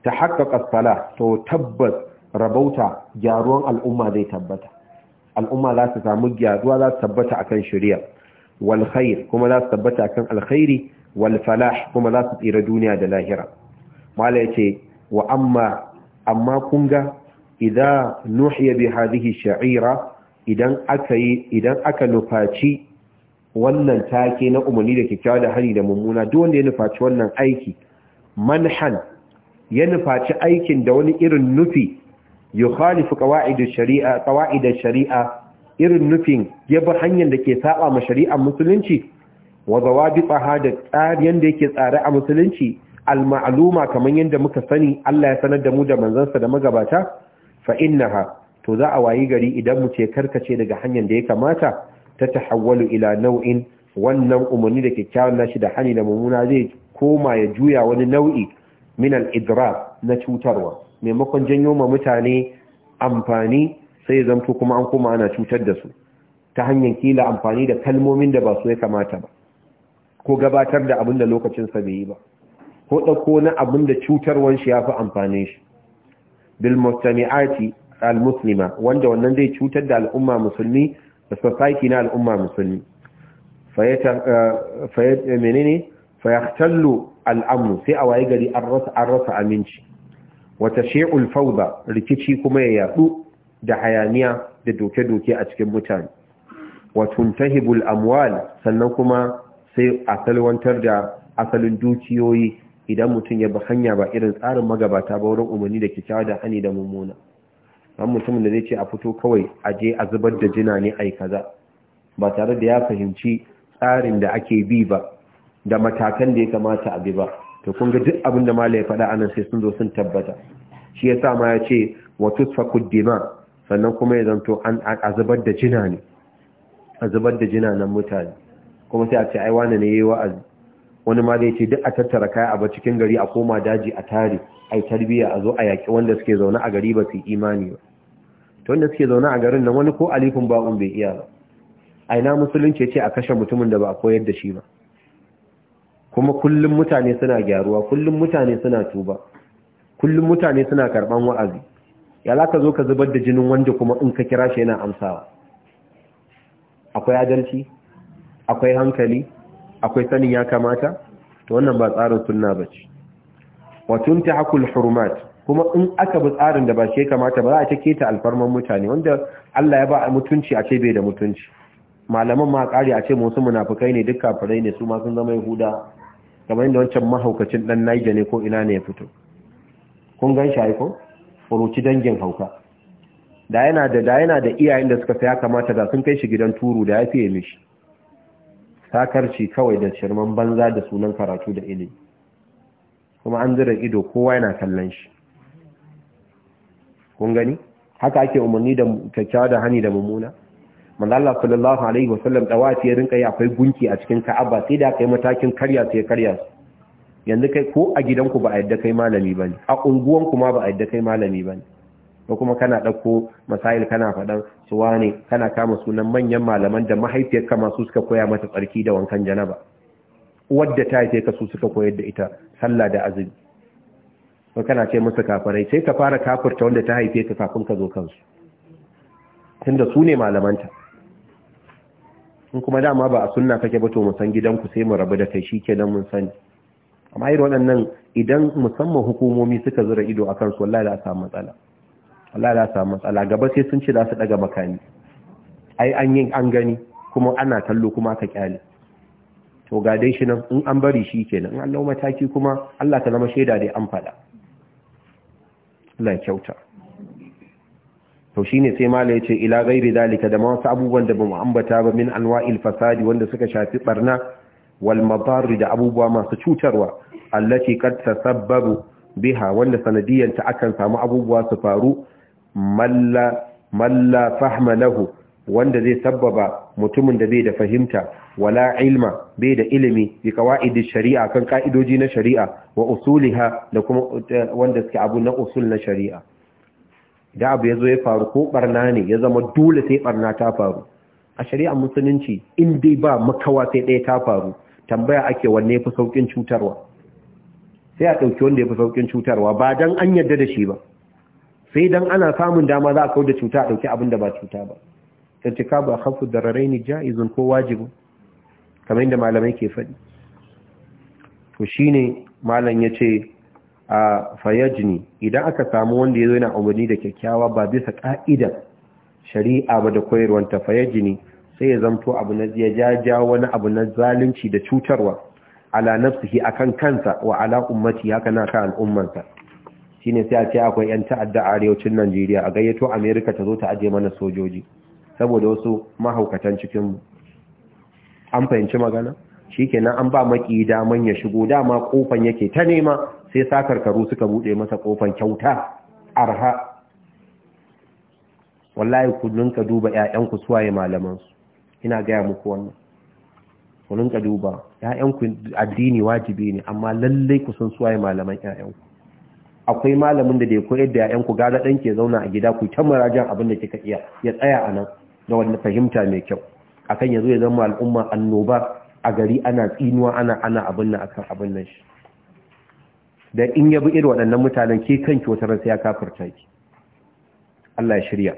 ta haƙaƙa sala to tabbas rabauta gyaruwan al'umma zai tabbata al'umma za su samu gyaruwa za su tabbata akan shari'a wal kuma za su tabbata akan alkhairi walfalah kuma za su tsira duniya da lahira mala yace wa amma amma kun ga idza nuhiya bi hadhihi sha'ira idan aka yi idan aka nufaci wannan take na umarni da kyakkyawa da hari da mummuna duk wanda ya nufaci wannan aiki manhan ya nufaci aikin da wani irin nufi yukhalifu qawa'id ash-shari'a sharia irin nufin ya hanyar da ke saba ma shari'ar musulunci wa zawabitaha da tsariyan da yake tsare a musulunci al-ma'luma kaman yanda muka sani Allah ya sanar da mu da manzansa da magabata fa innaha to za a wayi gari idan mu ce karkace daga hanyar da ya kamata ta tahawwalu ila nau'in wannan umarni da kyakkyawan nashi da hani da mummuna zai koma ya juya wani nau'i min al-idrar na cutarwa maimakon janyo ma mutane amfani sai zanto kuma an koma ana cutar da su ta hanyar kila amfani da kalmomin da ba su ya kamata ba ko gabatar da abin da lokacinsa bai yi ba ko ɗauko na abin da cutarwan shi ya fi amfanin shi bil mustami'ati al muslima wanda wannan zai cutar da al'umma musulmi da society na al'umma musulmi fayata ya eh, eh, menene fa al al'amnu sai a waye gari an rasa an rasa aminci wata she'ul fauda rikici kuma ya yadu da hayaniya da doke-doke a cikin mutane watun tahibul amwal sannan kuma sai a salwantar da asalin dukiyoyi idan mutum ya bi hanya ba irin tsarin magabata ba wurin umarni da kyakkyawa da hani da mummuna an mutum da zai ce a fito kawai a je a zubar da jina ne ai kaza ba tare da ya fahimci tsarin da ake bi ba da matakan da ya kamata a bi ba to kun ga duk abin da malai faɗa nan sai sun zo sun tabbata shi ya sa ma ya ce wa fakuddima sannan kuma ya zanto an zubar da jina ne azabar da jina nan mutane kuma sai a ce ai wani ne yayi wa'azi wani ma zai ce duk a tattara kaya a cikin gari a koma daji a tare ai tarbiya a zo a yaƙi wanda suke zaune a gari ba su imani ba to wanda suke zauna a garin nan wani ko alifin ba'un bai iya ba aina musulunci ce a kashe mutumin da ba a koyar da shi ba kuma kullum mutane suna gyaruwa kullum mutane suna tuba kullum mutane suna karban wa'azi ya za ka zo ka zubar da jinin wanda kuma in ka kira shi yana amsawa akwai adalci akwai hankali akwai sanin ya kamata to wannan ba tsarin sunna bace wa hakul hurmat! kuma in aka bi tsarin da ba shi kamata ba za a ta keta alfarman mutane wanda Allah ya ba mutunci a ce bai da mutunci malaman ma kare a ce musu munafukai ne duk kafirai ne su ma sun zama yahuda kamar inda wancan mahaukacin dan naija ne ko ina ne ya fito kun gan shi ko furuci dangin hauka da yana da da yana da iyayen da suka saya kamata da sun kai shi gidan turu da ya fiye mishi sakarci kawai da shirman banza da sunan karatu da ilimi kuma an zira ido kowa yana kallon shi kun gani haka ake umarni da kyakkyawa da hani da mummuna manzo Allah sallallahu alaihi wasallam dawafi ya rinka yi akwai gunki a cikin Ka'aba sai da kai matakin karya sai karya yanzu kai ko a gidanku ba a yadda kai malami bane a unguwanku ma ba a yadda kai malami bane ko kuma kana dauko masail kana fadan su wane kana kama sunan manyan malaman da mahaifiyar ka masu suka koya mata tsarki da wankan janaba wadda ta haife ka su suka koyar da ita sallah da azumi ko kana ce musu kafarai? sai ka fara kafurta wanda ta haife ka kafin ka zo kansu tunda su ne malamanta in kuma dama ba a sunna kake ba to mu san gidanku sai mu rabu da kai shikenan mun sani amma irin waɗannan idan musamman hukumomi suka zura ido akan su, wallahi da samu matsala wallahi da samu matsala gaba sai sun ci za su daga makani. ai an yi an gani kuma ana kallo kuma ka kyale to ga dai shi nan in an bari shi kenan in an mataki kuma Allah ta zama shaida dai an faɗa Allah ya kyauta to shine sai mala ce ila ghairi dalika da masu abubuwan da mu ambata ba min anwa'il fasadi wanda suka shafi barna wal da abubuwa masu cutarwa allati qad tasabbabu biha wanda sanadiyan ta akan samu abubuwa su faru malla malla fahma lahu wanda zai sabbaba mutumin da bai da fahimta wala ilma bai da ilimi bi kawaidi shari'a kan ka'idoji na shari'a wa usuliha da kuma wanda suke abu na usul na shari'a da abu ya zo ya faru ko barna ne ya zama dole sai barna ta faru a shari'a musulunci in dai ba makawa sai ɗaya ta faru tambaya ake wanne ya fi sauƙin cutarwa sai a ɗauki wanda ya fi sauƙin cutarwa ba don an yarda da shi ba sai don ana samun dama za a kawo da cuta a ɗauki abin da ba cuta ba cika ba hafu da rarai ni ja'izun ko wajibu kamar yadda malamai ke faɗi to shine malam ya ce a fayajini idan aka samu wanda ya zo yana umarni da kyakkyawa ba bisa ka'ida shari'a ba da koyarwanta fayajini sai ya zamto abu na ya jaja wani abu na zalunci da cutarwa ala nafsihi akan kansa wa ala ummati haka na kan al'ummansa shine sai a ce akwai yan ta'adda a arewacin Najeriya a gayyato Amerika ta zo ta aje mana sojoji saboda wasu mahaukatan cikin an fahimci magana Shi kenan an ba maki daman ya shigo dama kofan yake ta nema sai sakar karu suka bude masa kofan kyauta arha wallahi ku ka duba ƴaƴanku suwaye malamansu ina gaya muku wannan Ku ka duba ƴaƴanku addini wajibi ne amma lalle ku san suwaye malaman ƴaƴanku akwai malamin da da koyar da ƴaƴanku gara dan ke zauna a gida ku ta murajan abin da kika iya ya tsaya a nan da wannan fahimta mai kyau akan yazo ya zama al'umma annoba a gari ana tsinuwa ana ana abin nan akan abin nan shi da in ya bi waɗannan mutanen ke kan wata sai ya kafirta ki Allah ya shirya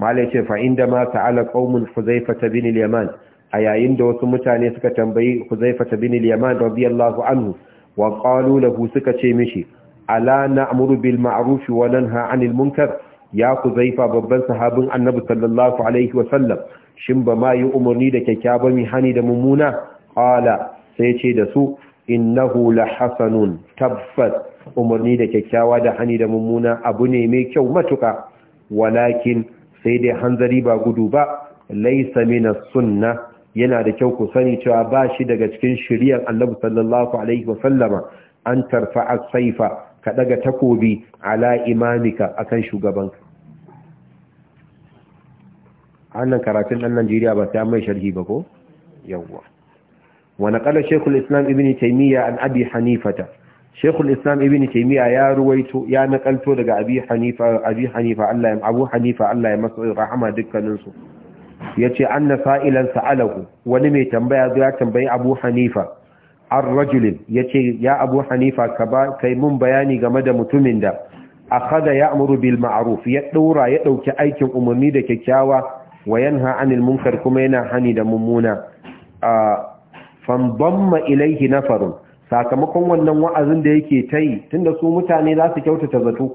mala ya ce fa inda ma ta'ala qaumun huzaifata bin al-yaman a yayin da wasu mutane suka tambayi huzaifata bin al-yaman radiyallahu anhu wa qalu lahu suka ce mishi ala na'muru bil ma'arufi wa nanha 'anil munkar ya huzaifa babban sahabin annabi sallallahu alaihi shin ba ma yi umarni da kyakkyawa mi hani da mummuna Ƙala. sai ce da su innahu lahasanun tabbas umarni da kyakkyawa da hani da mummuna abu ne mai kyau matuka walakin sai dai hanzari ba gudu ba laisa sunna yana da kyau ku sani cewa ba shi daga cikin shiriyar Allah sallallahu alaihi wasallama an tarfa saifa ka daga takobi ala imamika akan shugabanka annan karatun ɗan Najeriya ba ta mai sharhi ba ko yawwa ونقل kala الإسلام ابن تيمية عن أبي حنيفة شيخ الإسلام ابن تيمية يا رويت يا نقلت لك أبي حنيفة أبي حنيفة الله أبو حنيفة الله يمسعي رحمة دكا ننسو yace anna sa'ilan sa'alahu wani mai tambaya zo ya tambayi Abu Hanifa ar-rajul yace ya Abu Hanifa ka kai mun bayani game da mutumin da ya ya'muru bil ma'ruf ya daura ya ɗauki aikin umarni da kyakkyawa wa yanha 'anil munkar kuma yana hani da mummuna fandamma ilaihi nafarun sakamakon wannan wa'azin da yake ta yi tunda su mutane za su kyautata zato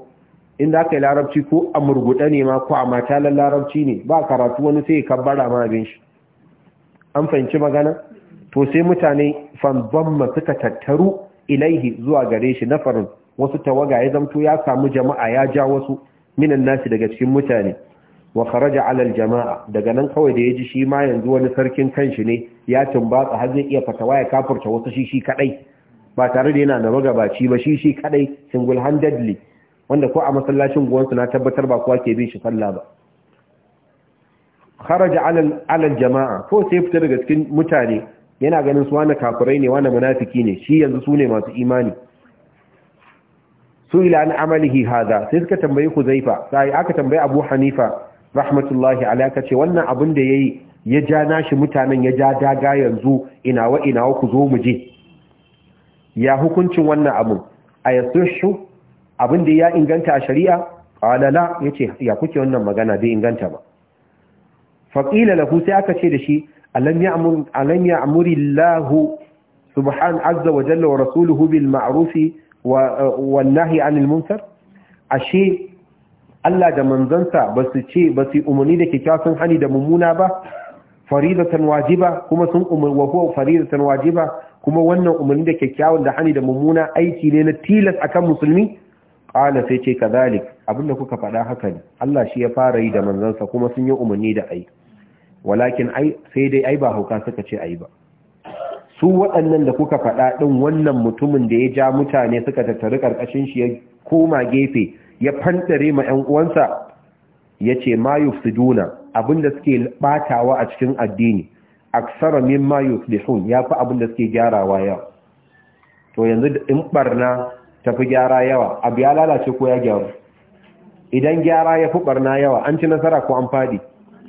inda aka yi larabci ko a murguɗa ne ma ko a matalan larabci ne ba karatu wani sai ya kabbara ma abin shi an fahimci magana to sai mutane fanbamma suka tattaru ilaihi zuwa gare shi nafarun wasu tawaga ya zamto ya samu jama'a ya ja wasu minan nasi daga cikin mutane wa kharaja ala aljamaa daga nan kawai da ya ji shi ma yanzu wani sarkin kanshi ne ya tumbatsa har zai iya fatawa ya kafurta wasu shi shi kadai ba tare da yana da magabaci ba shi shi kadai single handedly wanda ko a masallacin guwansu na tabbatar ba kowa ke bin shi sallah ba kharaja ala jama'a ko sai fita daga cikin mutane yana ganin su wani kafirai ne wani munafiki ne shi yanzu sune masu imani su ila an amalihi hada sai suka tambayi Huzaifa sai aka tambayi Abu Hanifa rahmatullahi alaka ce wannan abin da yayi ya ja nashi mutanen ya ja daga yanzu ina wa ina ku zo mu je ya hukuncin wannan abin a yasushu abin da ya inganta a shari'a qala la ce ya kuke wannan magana bai inganta ba faqila lahu sai aka ce da shi alam ya'mur alam ya'murillahu subhan azza wa jalla wa rasuluhu bil ma'rufi wa wan 'anil munkar ashe Allah da manzansa ba su ce ba su umarni da kyakkyawa sun hani da mummuna ba faridatan wajiba kuma sun umarni wa faridatan wajiba kuma wannan umarni da kyakkyawan da hani da mummuna aiki ne na tilas akan musulmi qala sai ce kazalik abinda kuka faɗa haka ne Allah shi ya fara yi da manzansa kuma sun yi umarni da ai walakin ai sai dai ai ba hauka suka ce ai ba su waɗannan da kuka faɗa ɗin wannan mutumin da ya ja mutane suka tattari ƙarƙashin shi ya koma gefe ya fantare ma ‘yan uwansa ya ce ma duna abinda suke batawa a cikin addini aksara min ma yuslihun ya fi abinda suke gyarawa yawa to yanzu da in ta tafi gyara yawa abu ya lalace ko ya gyaru idan gyara ya fi barna yawa an ci nasara ko an fadi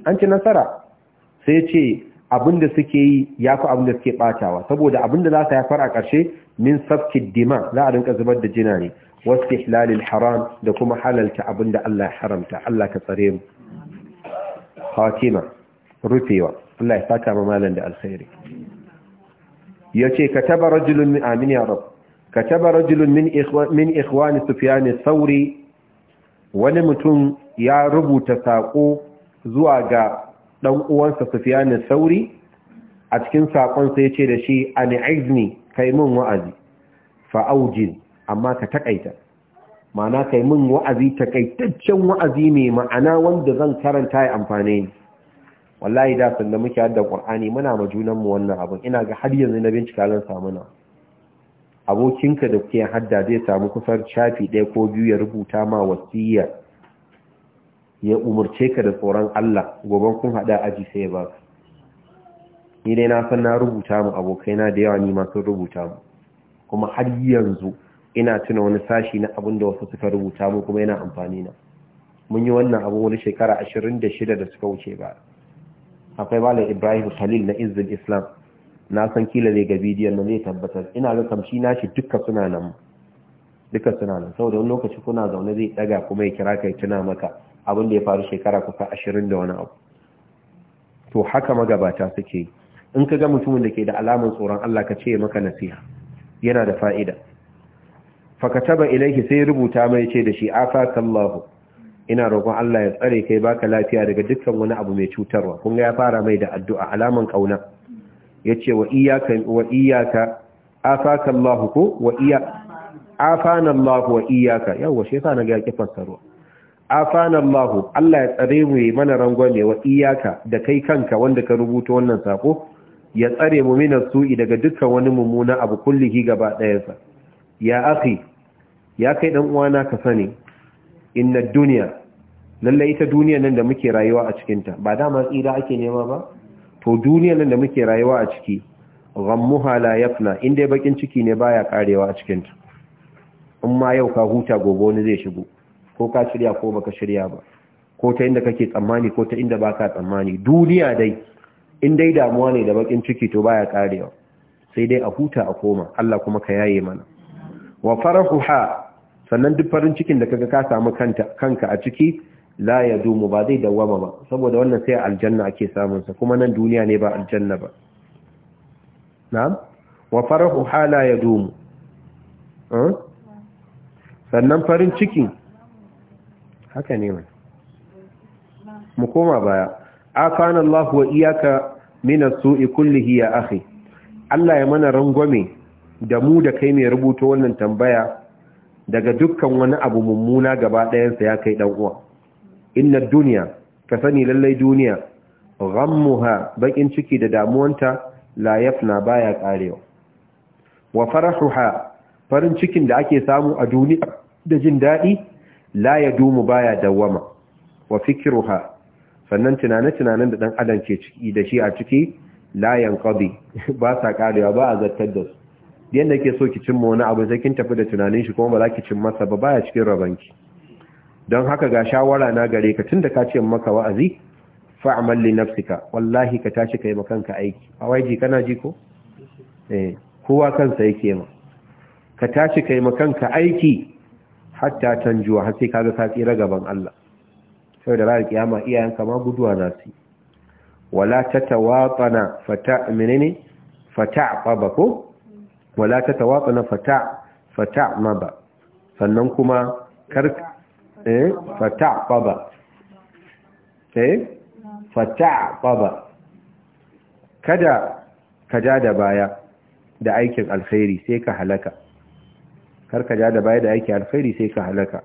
an ci nasara sai ce abinda suke yi ya fi abinda suke batawa saboda abinda za ta ya a ƙarshe min safkit dima za a rinka zubar da jina ne wasu halal haram da kuma halalta abin da Allah haramta Allah ka tsare mu hatima rufewa Allah ya saka mamalan da alkhairi ya ce ka taba rajulun min amin ya rab ka taba rajulun min ikhwani sufyani sauri wani mutum ya rubuta saƙo zuwa ga uwansa sufyani sauri a cikin saƙon sai ce da shi a kai mun wa’azi fa fa’aujin amma ka takaita ma'ana kai min wa'azi takaitaccen wa'azi mai ma'ana wanda zan karanta ya amfane ni wallahi da sanda muke hadda qur'ani muna ma junan mu wannan abin ina ga har yanzu na bincika zan samu na abokinka da kuke hadda zai samu kusan shafi ɗaya ko biyu ya rubuta ma wasiyya ya umarce ka da tsoron Allah goban kun hada aji sai ba baka ni dai na san na rubuta mu abokaina da yawa ni ma sun rubuta mu kuma har yanzu ina tuna wani sashi na abin da wasu suka rubuta mu kuma yana amfani na mun yi wannan abu wani shekara ashirin da suka wuce ba akwai malam ibrahim khalil na izin islam na san kila zai ga bidiyon na zai tabbatar ina ga kamshi na duka suna nan duka suna nan saboda wani lokaci kuna zaune zai daga kuma ya kira ka ya tuna maka abin da ya faru shekara kusa ashirin da wani abu to haka magabata suke yi in ka ga mutumin da ke da alamar tsoron Allah ka ce maka nasiha yana da fa'ida fakataba ilaihi sai rubuta mai ce da shi afakallahu ina roƙon Allah ya tsare kai baka lafiya daga dukkan wani abu mai cutarwa kun ga ya fara mai da addu'a alaman kauna yace wa iyyaka wa iyyaka afakallahu ko wa iyya afana Allah wa iyyaka yawa shi yasa naga yake fassarwa afana Allah Allah ya tsare mu yi mana rangwame wa iyyaka da kai kanka wanda ka rubuta wannan sako ya tsare mu minas su'i daga dukkan wani mummuna abu kullihi gaba ɗayansa ya akhi ya kai dan uwana ka sani inna duniya lalle ita duniya nan da muke rayuwa a cikin ta ba dama tsira ake nema ba to duniya nan da muke rayuwa a ciki ghammuha la yafna inda bakin ciki ne baya karewa a cikin ta amma yau ka huta gobe wani zai shigo ko ka shirya ko baka shirya ba ko ta inda kake tsammani ko ta inda baka tsammani duniya dai in dai damuwa ne da bakin ciki to baya karewa sai dai a huta a koma Allah kuma ka yaye mana wa farahuha sannan duk farin cikin da kaga ka samu kanka a ciki la ya dumu ba zai dawwama ba saboda wannan sai aljanna ake samun sa kuma nan duniya ne ba aljanna ba na'am wa farahu hala ya dumu sannan farin ciki haka ne mai mu koma baya afana Allah wa iyaka min as-su'i kullihi ya akhi Allah ya mana rangwame da mu da kai mai rubuta wannan tambaya daga dukkan wani abu mummuna gaba ɗayansa ya kai ɗan'uwa inna duniya ka sani lallai duniya ha bakin ciki da damuwanta la na baya karewa wa farahuha farin cikin da ake samu a duniya da jin daɗi la dumu baya dawama wa fikruha sannan tunane-tunanen da ɗan adam ke ciki da shi a ciki layan yanqadi ba sa karewa ba a zartar da su yanda ke so ki cimma wani abu sai kin tafi da tunanin shi kuma ba za ki cin masa ba baya cikin rabanki don haka ga shawara na gare ka tunda ka ce maka wa'azi fa'amal li nafsika wallahi ka tashi kai ma kanka aiki a waiji kana ji ko eh kowa kansa yake ma ka tashi kai ma kanka aiki hatta tanjuwa har sai kaga ka tsira gaban Allah saboda ranar kiyama iyayenka ma guduwa na su wala tatawatana fata menene fata ko wala ta tawatsa na fata fata ma ba sannan kuma kar eh fata ba eh fata ba kada ka ja da baya da aikin alkhairi sai ka halaka kar ka ja da baya da aikin alkhairi sai ka halaka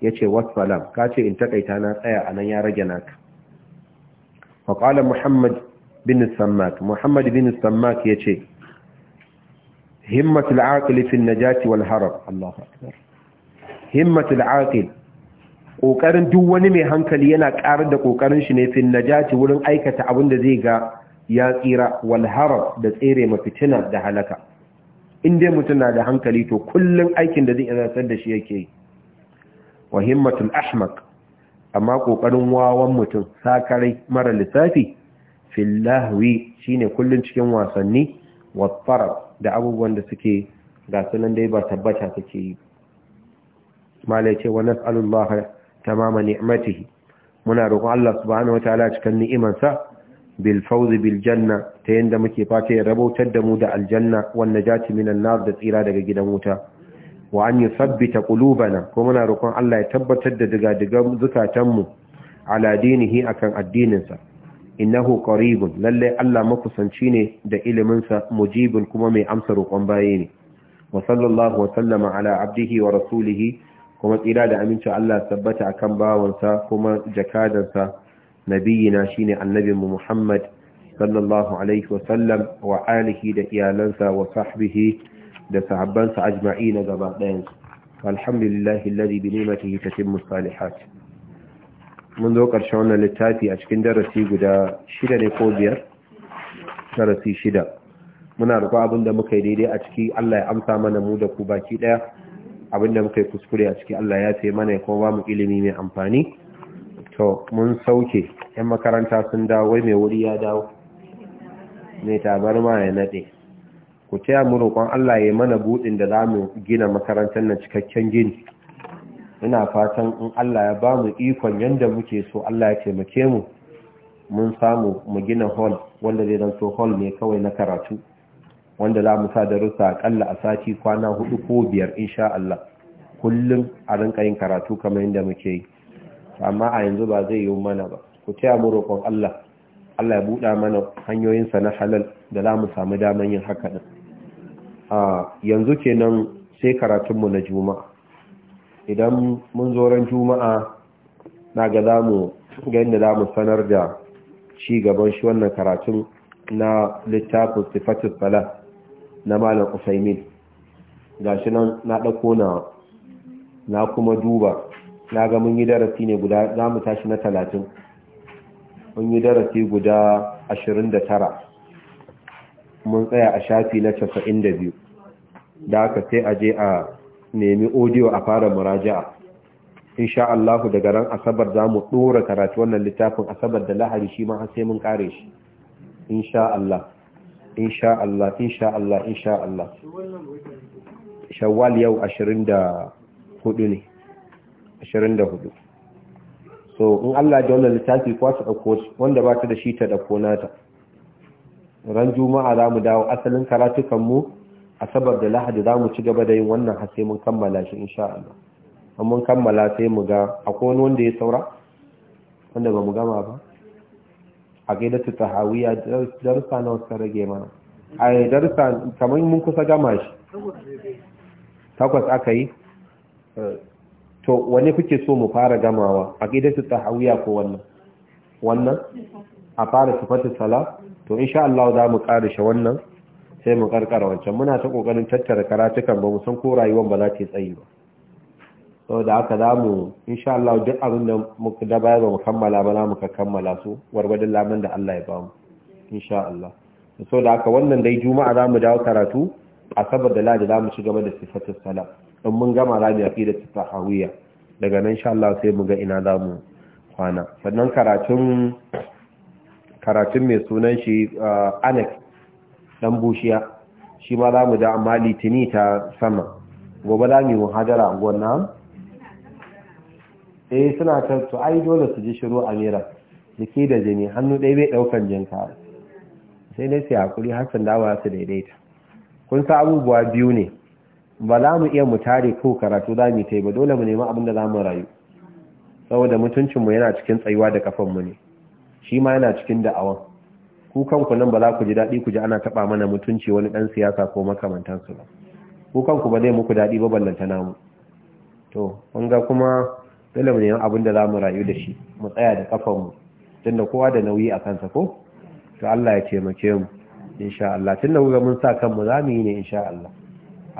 yace wassalam ka ce in takaita na tsaya anan ya rage naka wa qala muhammad bin sammak muhammad bin sammak yace himmatul aqil fi najati wal haram Allahu akbar himmatul duk wani mai hankali yana ƙarar da ƙoƙarin shi ne fi najati wurin aikata abin da zai ga ya tsira wal haram da tsere mafitina da halaka in dai mutum na da hankali to kullum aikin da zai zartar da shi yake yi wa himmatul amma ƙoƙarin wawan mutum sakarai mara lissafi fillahwi shine kullun cikin wasanni wa da abubuwan da suke ga sunan dai ba tabbata suke yi malai ce wa nas'alullah tamama ni'matihi muna roƙon Allah subhanahu wataala cikin ni'imansa bil fawz bil janna ta yanda muke fata ya rabotar da mu da aljanna wan najati minan nar da tsira daga gidan wuta wa an kulu qulubana ko muna roƙon Allah ya tabbatar da diga-digan zukatanmu ala akan addininsa innahu qaribun lalle Allah makusanci ne da iliminsa mujibun kuma mai amsa roƙon baye ne wa sallallahu wa sallama ala abdihi wa rasulihi kuma tsira da aminci Allah tabbata akan bawansa kuma jakadansa nabiyina shine annabin mu Muhammad sallallahu alaihi wa sallam wa alihi da iyalansa wa sahbihi da sahabbansa ajma'ina gaba ɗayan alhamdulillahi alladhi bi ni'matihi tatimmu salihat mun zo ƙarshen wannan littafi a cikin darasi guda shida ne ko biyar darasi shida muna rufa abin da muka yi daidai a ciki Allah ya amsa mana mu da ku baki ɗaya abinda muka yi kuskure a ciki Allah ya sai mana ya kuma ba mu ilimi mai amfani to mun sauke yan makaranta sun dawo wai mai wuri ya dawo mai tabar ma ya naɗe ku taya mu roƙon Allah ya mana buɗin da za mu gina makarantar nan cikakken gini ina fatan in Allah ya ba mu ikon yadda muke so Allah ya taimake mu mun samu mu gina hall wanda zai so hall ne kawai na karatu wanda za mu sa darussa akalla a sati kwana hudu ko biyar insha Allah kullum a rinka yin karatu kamar yadda muke yi amma a yanzu ba zai yi mana ba ku taya mu roƙon Allah Allah ya buɗa mana hanyoyinsa na halal da za mu samu daman yin haka din a ah, yanzu kenan sai karatunmu na juma'a idan mun zo ran juma'a na ga za mu ga inda mu sanar da ci gaban shi wannan karatun na littafin sifatul salat na malam usaimin shi nan na ɗauko na na kuma duba na ga mun yi darasi ne guda za mu tashi na talatin mun yi darasi guda ashirin da tara mun tsaya a shafi na casa'in da biyu da aka sai a je a nemi audio a fara muraja'a insha Allah daga ran asabar zamu dora karatu wannan littafin asabar da lahari shi ma har sai mun kare shi insha Allah insha Allah insha Allah insha Allah shawwal yau 24 ne 24 so in Allah da wannan littafi kuwa su dauko wanda ba ta da shi ta dauko nata ran juma'a za mu dawo asalin karatukan mu A sabar da lahadi za mu ci gaba da yin wannan hasse mun kammala shi insha Allah mun kammala sai mu ga akwai wani wanda ya saura wanda ba mu gama ba a gaida ta tahawiya darussa na wasu rage mana a yi darussa kamar mun kusa gama shi takwas aka yi to wani kuke so mu fara gamawa a gaida ta tahawiya ko wannan wannan a fara sifatar sala to insha Allah za mu ƙarishe wannan sai mu karkara wancan muna ta kokarin tattara karatukan ba mu san ko rayuwar ba za ta tsayi ba saboda haka za mu insha Allah duk abin da muka da baya ba mu kammala ba za mu ka kammala su warwadin lamun da Allah ya ba mu insha Allah saboda haka wannan dai juma'a za mu dawo karatu asabar da ladi za mu ci gaba da sifatu sala in mun gama za mu yafi da tahawiyya daga nan insha Allah sai mu ga ina za mu kwana sannan karatun karatun mai sunan shi uh, annex dan bushiya shi ma za mu da amma litini ta sama gobe za mu yi muhajara a eh suna can ai dole su ji shiru a mera jiki da jini hannu ɗaya bai ɗaukan jinka sai dai sai hakuri har dawa su daidaita kun sa abubuwa biyu ne ba za mu iya mu tare ko karatu za mu yi ba dole mu nemi abin da za mu rayu saboda mutuncinmu yana cikin tsayuwa da kafanmu ne shi ma yana cikin da'awan ku kanku nan ba za ku ji daɗi ku ji ana taɓa mana mutunci wani ɗan siyasa ko makamantansu ba ku kanku ba zai muku daɗi ba ballanta namu to wanga kuma dole mu neman abin da za mu rayu da shi mu tsaya da ƙafanmu, tunda kowa da nauyi a kansa ko to Allah ya taimake mu insha Allah tunda ga mun sa kanmu za mu yi ne insha Allah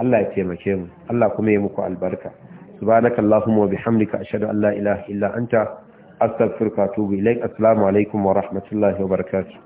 Allah ya taimake mu Allah kuma ya muku albarka subhanaka allahumma wa bihamdika ashhadu an la ilaha illa anta astaghfiruka wa atubu ilaik assalamu alaikum wa rahmatullahi wa barakatuh